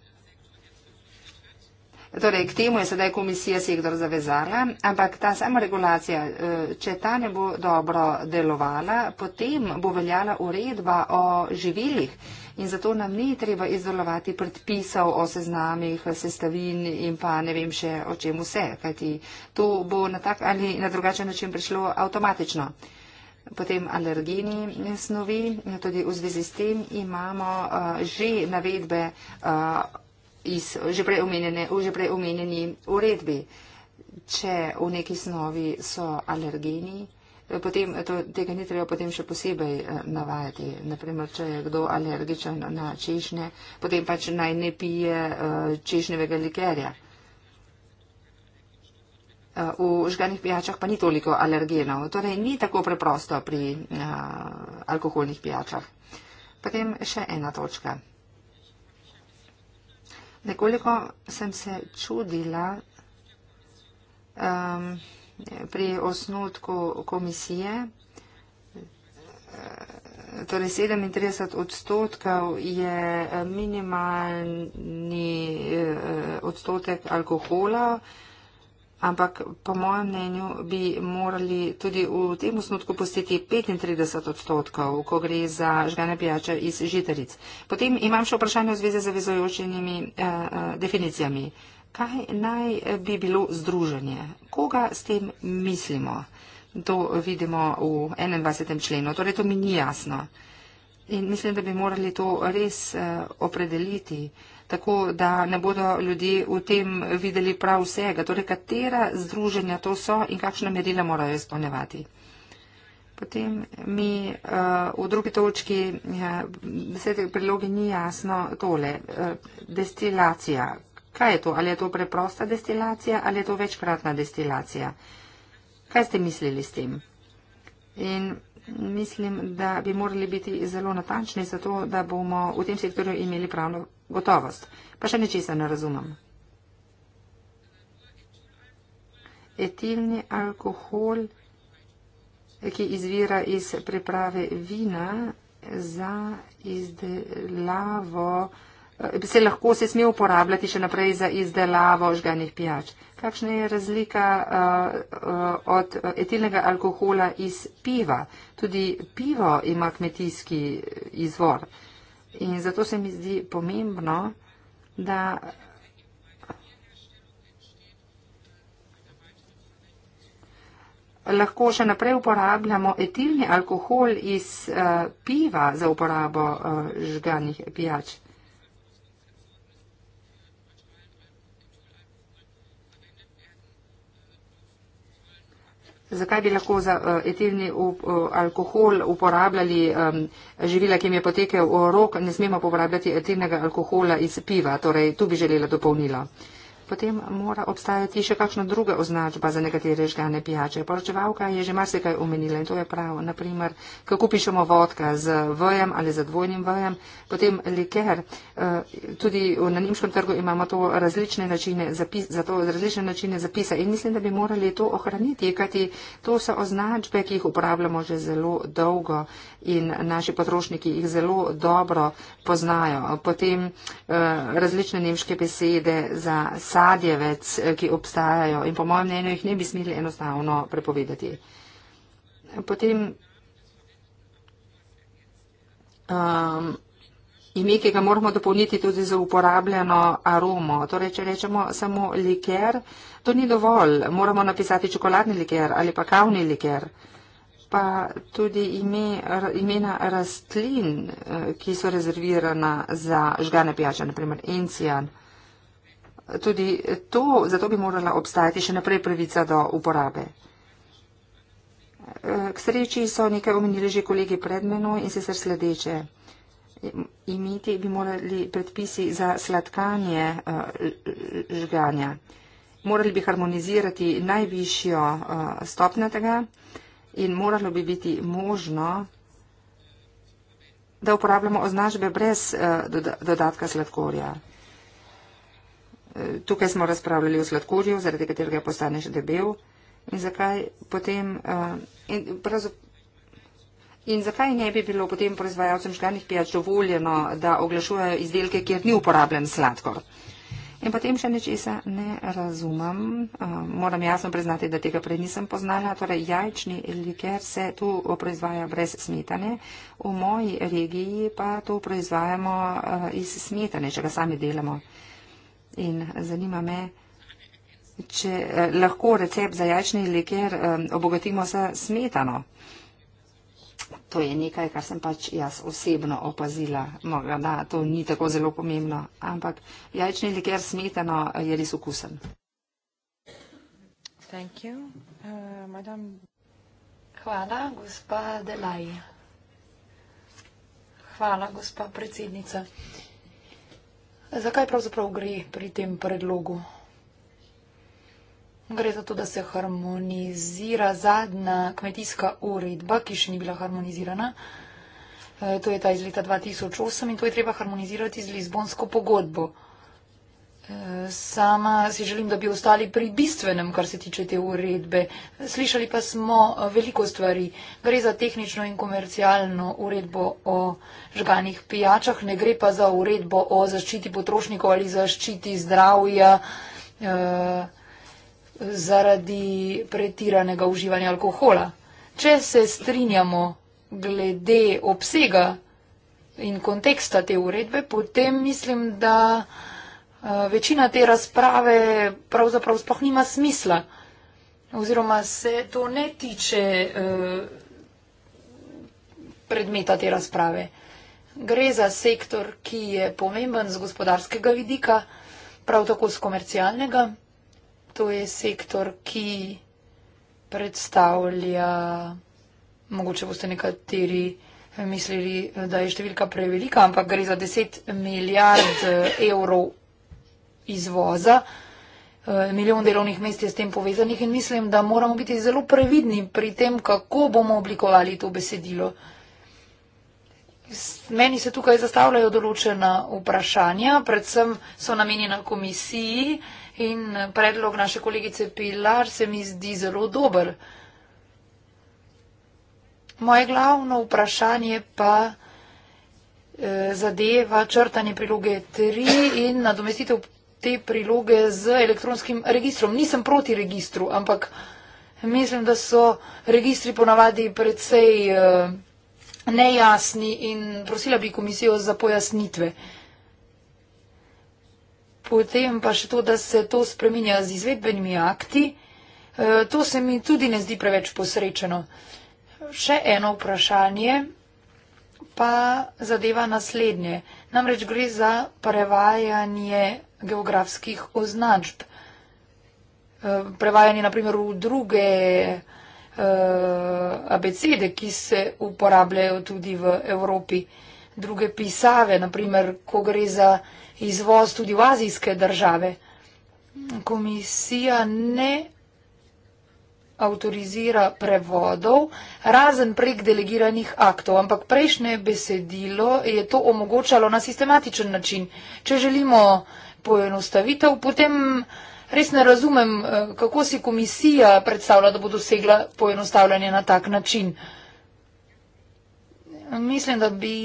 Torej, k temu je sedaj komisija sektor zavezala, ampak ta sama regulacija, eh, če ta ne bo dobro delovala, potem bo veljala uredba o živilih in zato nam ni treba izdelovati predpisov o seznamih, sestavin in pa ne vem še o čem vse, kajti to bo na tak ali na drugačen način prišlo avtomatično. Potem alergeni snovi, tudi v zvezi s tem imamo uh, že navedbe. Uh, iz že prej, omenjene, že prej omenjeni uredbi. Če v neki snovi so alergeni, eh, potem to, tega ni treba potem še posebej eh, navajati. Naprimer, če je kdo alergičen na češnje, potem pač naj ne pije eh, češnjevega likerja. V žganih pijačah pa ni toliko alergenov. Torej, ni tako preprosto pri a, alkoholnih pijačah. Potem še ena točka. Nekoliko sem se čudila um, pri osnutku komisije. Torej 37 odstotkov je eh, minimalni eh, odstotek alkohola, uh, ampak po mojem mnenju bi morali tudi v tem osnutku postiti 35 odstotkov, ko gre za žgane pijače iz žitaric. Potem imam še vprašanje v zvezi z zavezojočenimi eh, eh, definicijami. Kaj naj eh, bi bilo združenje? Koga s tem mislimo? To vidimo v 21. členu. Torej, to mi ni jasno. In mislim, da bi morali to res eh, opredeliti tako da ne bodo ljudje v tem videli prav vsega, torej katera združenja to so in kakšne merile morajo izpolnevati. Potem mi uh, v drugi točki uh, eh, desete priloge ni jasno tole. Uh, destilacija. Kaj je to? Ali je to preprosta destilacija ali je to večkratna destilacija? Kaj ste mislili s tem? In mislim, da bi morali biti zelo natančni za to, da bomo v tem sektorju imeli pravno gotovost. Pa še nečesa ne razumem. Etilni alkohol, ki izvira iz priprave vina za izdelavo. Eh, se lahko se smije uporabljati še naprej za izdelavo žganih pijač. Kakšna je razlika uh, uh, od etilnega alkohola iz piva? Tudi pivo ima kmetijski izvor. In zato se mi zdi pomembno, da. Lahko še naprej uporabljamo etilni alkohol iz uh, piva za uporabo uh, žganih pijač. Zakaj bi lahko za eh, etilni eh, alkohol uporabljali živila, ki jim je potekel eh, rok, ne smemo uporabljati etilnega alkohola iz piva? Torej, tu bi želela dopolnila potem mora obstajati še kakšna druga označba za nekatere žgane pijače. Poročevalka je že marsikaj omenila in to je prav. Naprimer, kako pišemo vodka z vojem ali z dvojnim vojem, potem liker. Eh, tudi na nemškem trgu imamo to različne načine, zapis, za to različne načine zapisa in mislim, da bi morali to ohraniti, kajti to so označbe, ki jih uporabljamo že zelo dolgo in naši potrošniki jih zelo dobro poznajo. Potem eh, različne nemške besede za sadjevec, eh, ki obstajajo in po mojem mnenju jih ne bi smeli enostavno prepovedati. Potem um, ime, ki ga moramo dopolniti tudi za uporabljeno aromo. Torej, če rečemo samo liker, to ni dovolj. Moramo napisati čokoladni liker ali pa kavni liker. Uh, pa tudi ime, imena rastlin, eh, ki so rezervirana za žgane pijače, naprimer encijan. Tudi to, zato bi morala obstajati še naprej pravica do uporabe. Eh, k sreči so nekaj omenili že kolegi pred menoj in sicer sledeče. Imeti bi morali predpisi za sladkanje eh, žganja. Morali bi harmonizirati najvišjo stopnjo tega in moralo bi biti možno, da uporabljamo označbe brez eh, dodatka sladkorja. Eh, tukaj smo razpravljali o sladkorju, zaradi katerega postaneš debel. In zakaj, potem, eh, in, prav, in zakaj ne bi bilo potem proizvajalcem žganih pijač dovoljeno, da oglašujejo izdelke, kjer ni uporabljen sladkor? In potem še nečesa ne razumem. Eh, moram jasno priznati, da tega prej nisem poznala. Torej, jajčni liker se tu proizvaja brez smetane. V moji regiji pa to proizvajamo eh, iz smetane, če ga sami delamo. In zanima me, če eh, lahko recept za jajčni liker obogatimo s smetano. To je nekaj, kar sem pač jaz osebno opazila. Morda, da to ni tako zelo pomembno, ampak jajčni liker smetano je res okusen. Thank you. Uh, madam... Hvala, gospa Delaj. Hvala, gospa predsednica. Zakaj pravzaprav gre pri tem predlogu? Gre za to, da se harmonizira zadnja kmetijska uredba, ki še ni bila harmonizirana. E, to je ta iz leta 2008 in to je treba harmonizirati z Lizbonsko pogodbo. E, sama si želim, da bi ostali pri bistvenem, kar se tiče te uredbe. Slišali pa smo e, veliko stvari. Gre za tehnično in komercialno uredbo o žganih pijačah, ne gre pa za uredbo o zaščiti potrošnikov ali zaščiti zdravja. Uh, zaradi pretiranega uživanja alkohola. Če se strinjamo glede obsega in konteksta te uredbe, potem mislim, da eh, večina te razprave pravzaprav sploh nima smisla oziroma se to ne tiče eh, predmeta te razprave. Gre za sektor, ki je pomemben z gospodarskega vidika, prav tako z komercialnega to je sektor, ki predstavlja, mogoče boste nekateri mislili, da je številka prevelika, ampak gre za 10 milijard eh, evrov izvoza. Eh, milijon delovnih mest je s tem povezanih in mislim, da moramo biti zelo previdni pri tem, kako bomo oblikovali to besedilo. Meni se tukaj zastavljajo določena vprašanja, predvsem so namenjena komisiji, In predlog naše kolegice Pilar se mi zdi zelo dober. Moje glavno vprašanje pa eh, zadeva črtanje priloge 3 in nadomestitev te priloge z elektronskim registrom. Nisem proti registru, ampak mislim, da so registri ponavadi predvsej eh, nejasni in prosila bi komisijo za pojasnitve. Potem pa še to, da se to spreminja z izvedbenimi akti. E, to se mi tudi ne zdi preveč posrečeno. Še eno vprašanje pa zadeva naslednje. Namreč gre za prevajanje geografskih označb. E, prevajanje naprimer v druge e, abecede, ki se uporabljajo tudi v Evropi. Druge pisave, naprimer, ko gre za izvoz tudi v azijske države. Komisija ne avtorizira prevodov, razen prek delegiranih aktov, ampak prejšnje besedilo je to omogočalo na sistematičen način. Če želimo poenostavitev, potem res ne razumem, eh, kako si komisija predstavlja, da bo dosegla poenostavljanje na tak način. Mislim, da bi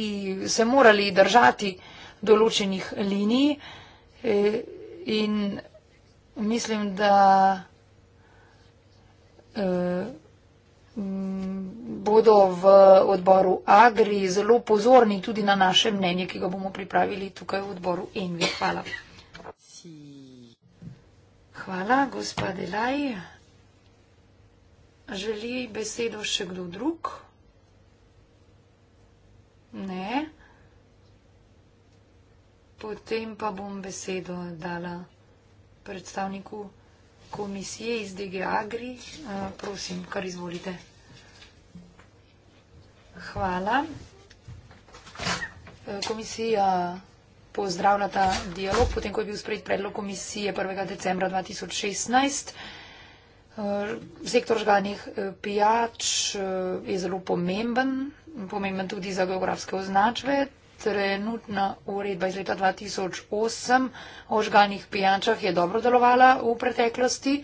se morali držati določenih linij eh, in mislim, da eh, bodo v odboru Agri zelo pozorni tudi na naše mnenje, ki ga bomo pripravili tukaj v odboru Envi. Hvala. Hvala, gospa Delaj. Želi besedo še kdo drug? Ne. Ne. Potem pa bom besedo dala predstavniku komisije iz DG Agri. Uh, prosim, kar izvolite. Hvala. Eh, komisija pozdravlja ta dialog, potem ko je bil sprejet predlog komisije 1. decembra 2016. Eh, sektor žganih pijač je zelo pomemben, pomemben tudi za geografske označbe Trenutna uredba iz leta 2008 o žgalnih pijančah je dobro delovala v preteklosti. E,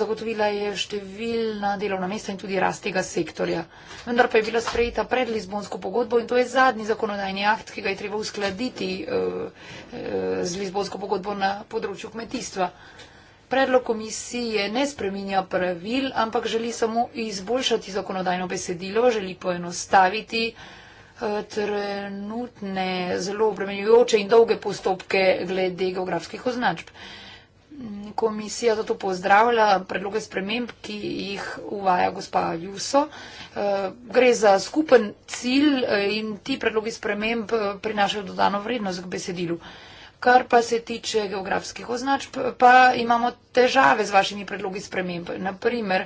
zagotovila je številna delovna mesta in tudi rast tega sektorja. Vendar pa je bila sprejeta pred Lizbonsko pogodbo in to je zadnji zakonodajni akt, ki ga je treba uskladiti e, e, z Lizbonsko pogodbo na področju kmetijstva. Predlog komisije ne spreminja pravil, ampak želi samo izboljšati zakonodajno besedilo, želi poenostaviti trenutne zelo obremenjujoče in dolge postopke glede geografskih označb. Komisija zato pozdravlja predloge sprememb, ki jih uvaja gospa Juso. Eh, gre za skupen cilj eh, in ti predlogi sprememb eh, prinašajo dodano vrednost k besedilu. Kar pa se tiče geografskih označb, pa imamo težave z vašimi predlogi sprememb. Naprimer,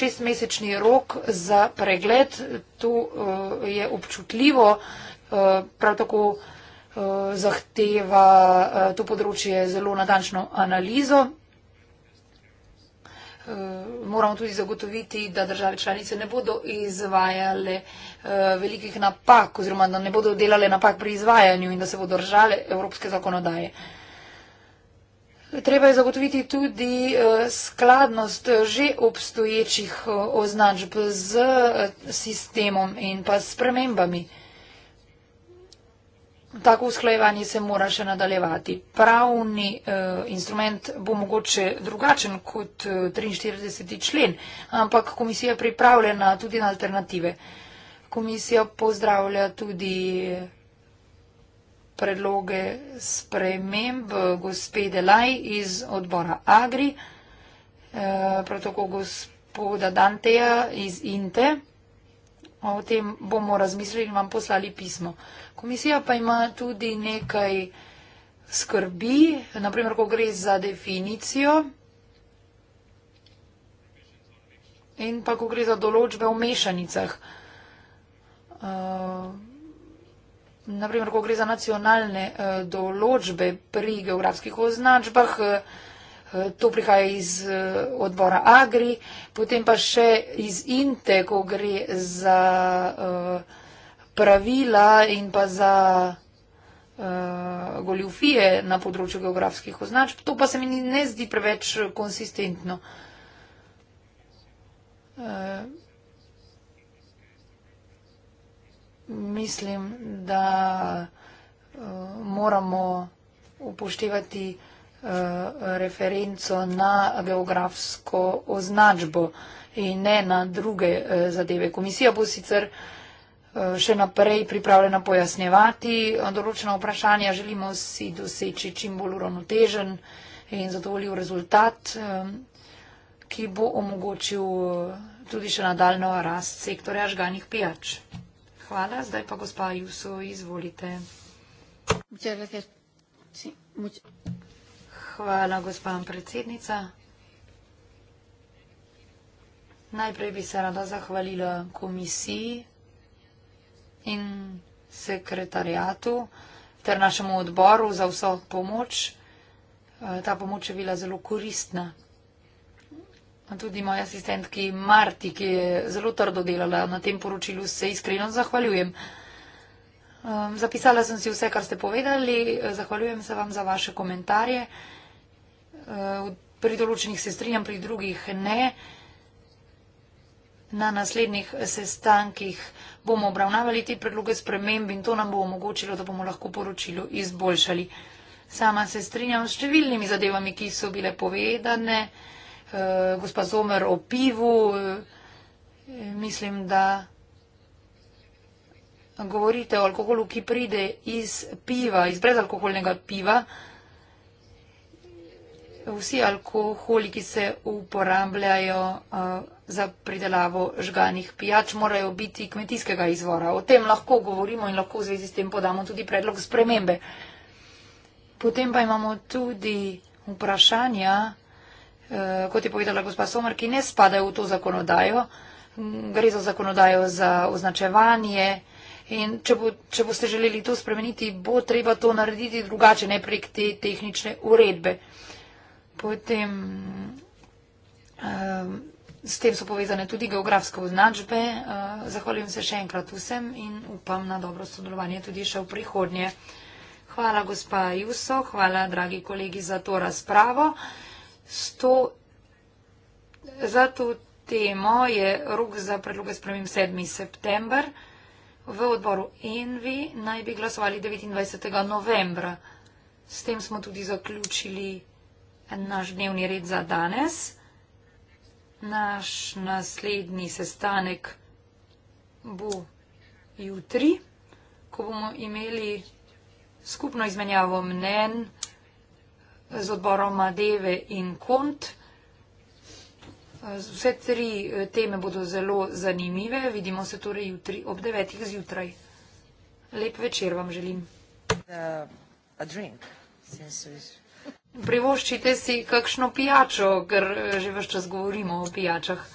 šestmesečni rok za pregled, tu uh, eh, je občutljivo, uh, prav tako uh, zahteva uh, to področje zelo natančno analizo. Eh, moramo tudi zagotoviti, da države članice ne bodo izvajale eh, velikih napak oziroma da ne bodo delale napak pri izvajanju in da se bodo držale evropske zakonodaje. Treba je zagotoviti tudi eh, skladnost že obstoječih označb z sistemom in pa s premembami. Tako usklajevanje se mora še nadaljevati. Pravni eh, instrument bo mogoče drugačen kot eh, 43. člen, ampak komisija je pripravljena tudi na alternative. Komisija pozdravlja tudi predloge sprememb gospe Delaj iz odbora Agri, eh, prav tako gospoda Danteja iz Inte. O tem bomo razmislili in vam poslali pismo. Komisija pa ima tudi nekaj skrbi, naprimer, ko gre za definicijo in pa ko gre za določbe v mešanicah. Uh, naprimer, ko gre za nacionalne uh, določbe pri geografskih označbah. Uh, to prihaja iz eh, odbora Agri, potem pa še iz Inte, ko gre za eh, pravila in pa za eh, goljufije na področju geografskih označb. To pa se mi ne zdi preveč konsistentno. Mislim, da moramo upoštevati vsega, Eh, referenco na geografsko označbo in ne na druge eh, zadeve. Komisija bo sicer eh, še naprej pripravljena pojasnjevati določena vprašanja. Želimo si doseči čim bolj uravnotežen in zadovoljiv rezultat, ki bo omogočil tudi še nadaljno rast sektorja žganih pijač. Hvala, zdaj pa gospa Juso, izvolite. Muchas gracias. Sí, muchas. Hvala, gospa predsednica. Najprej bi se rada zahvalila komisiji in sekretarijatu ter našemu odboru za vso pomoč. Eh, ta pomoč je bila zelo koristna. Tudi moja asistentki Marti, ki je zelo trdo delala na tem poročilu, se iskreno zahvaljujem. Ehm, zapisala sem si vse, kar ste povedali. Zahvaljujem se vam za vaše komentarje. Eh, pri določenih se strinjam, pri drugih ne. Na naslednjih sestankih bomo obravnavali te predloge sprememb in to nam bo omogočilo, da bomo lahko poročilo izboljšali. Sama se strinjam s številnimi zadevami, ki so bile povedane. Eh, gospa Zomer o pivu, eh, mislim, da govorite o alkoholu, ki pride iz piva, iz brezalkoholnega piva vsi alkoholi, ki se uporabljajo eh, za pridelavo žganih pijač, morajo biti kmetijskega izvora. O tem lahko govorimo in lahko v zvezi s tem podamo tudi predlog spremembe. Potem pa imamo tudi vprašanja, eh, kot je povedala gospa Somer, ki ne spadajo v to zakonodajo. Gre za zakonodajo za označevanje. In če, bo, če boste želeli to spremeniti, bo treba to narediti drugače, ne prek te tehnične uredbe. Uh, Potem eh, s tem so povezane tudi geografske označbe. Eh, zahvaljujem se še enkrat vsem in upam na dobro sodelovanje tudi še v prihodnje. Hvala, gospa Juso, hvala, dragi kolegi, za to razpravo. Sto, za to temo je rok za predloge spremem 7. september. V odboru Envi naj bi glasovali 29. novembra. S tem smo tudi zaključili naš dnevni red za danes. Naš naslednji sestanek bo jutri, ko bomo imeli skupno izmenjavo mnen z odborom Adeve in Kont. Vse tri eh, teme bodo zelo zanimive. Vidimo se torej jutri ob devetih zjutraj. Lep večer vam želim. Uh, a drink, since we privoščite si kakšno pijačo, ker že več čas govorimo o pijačah.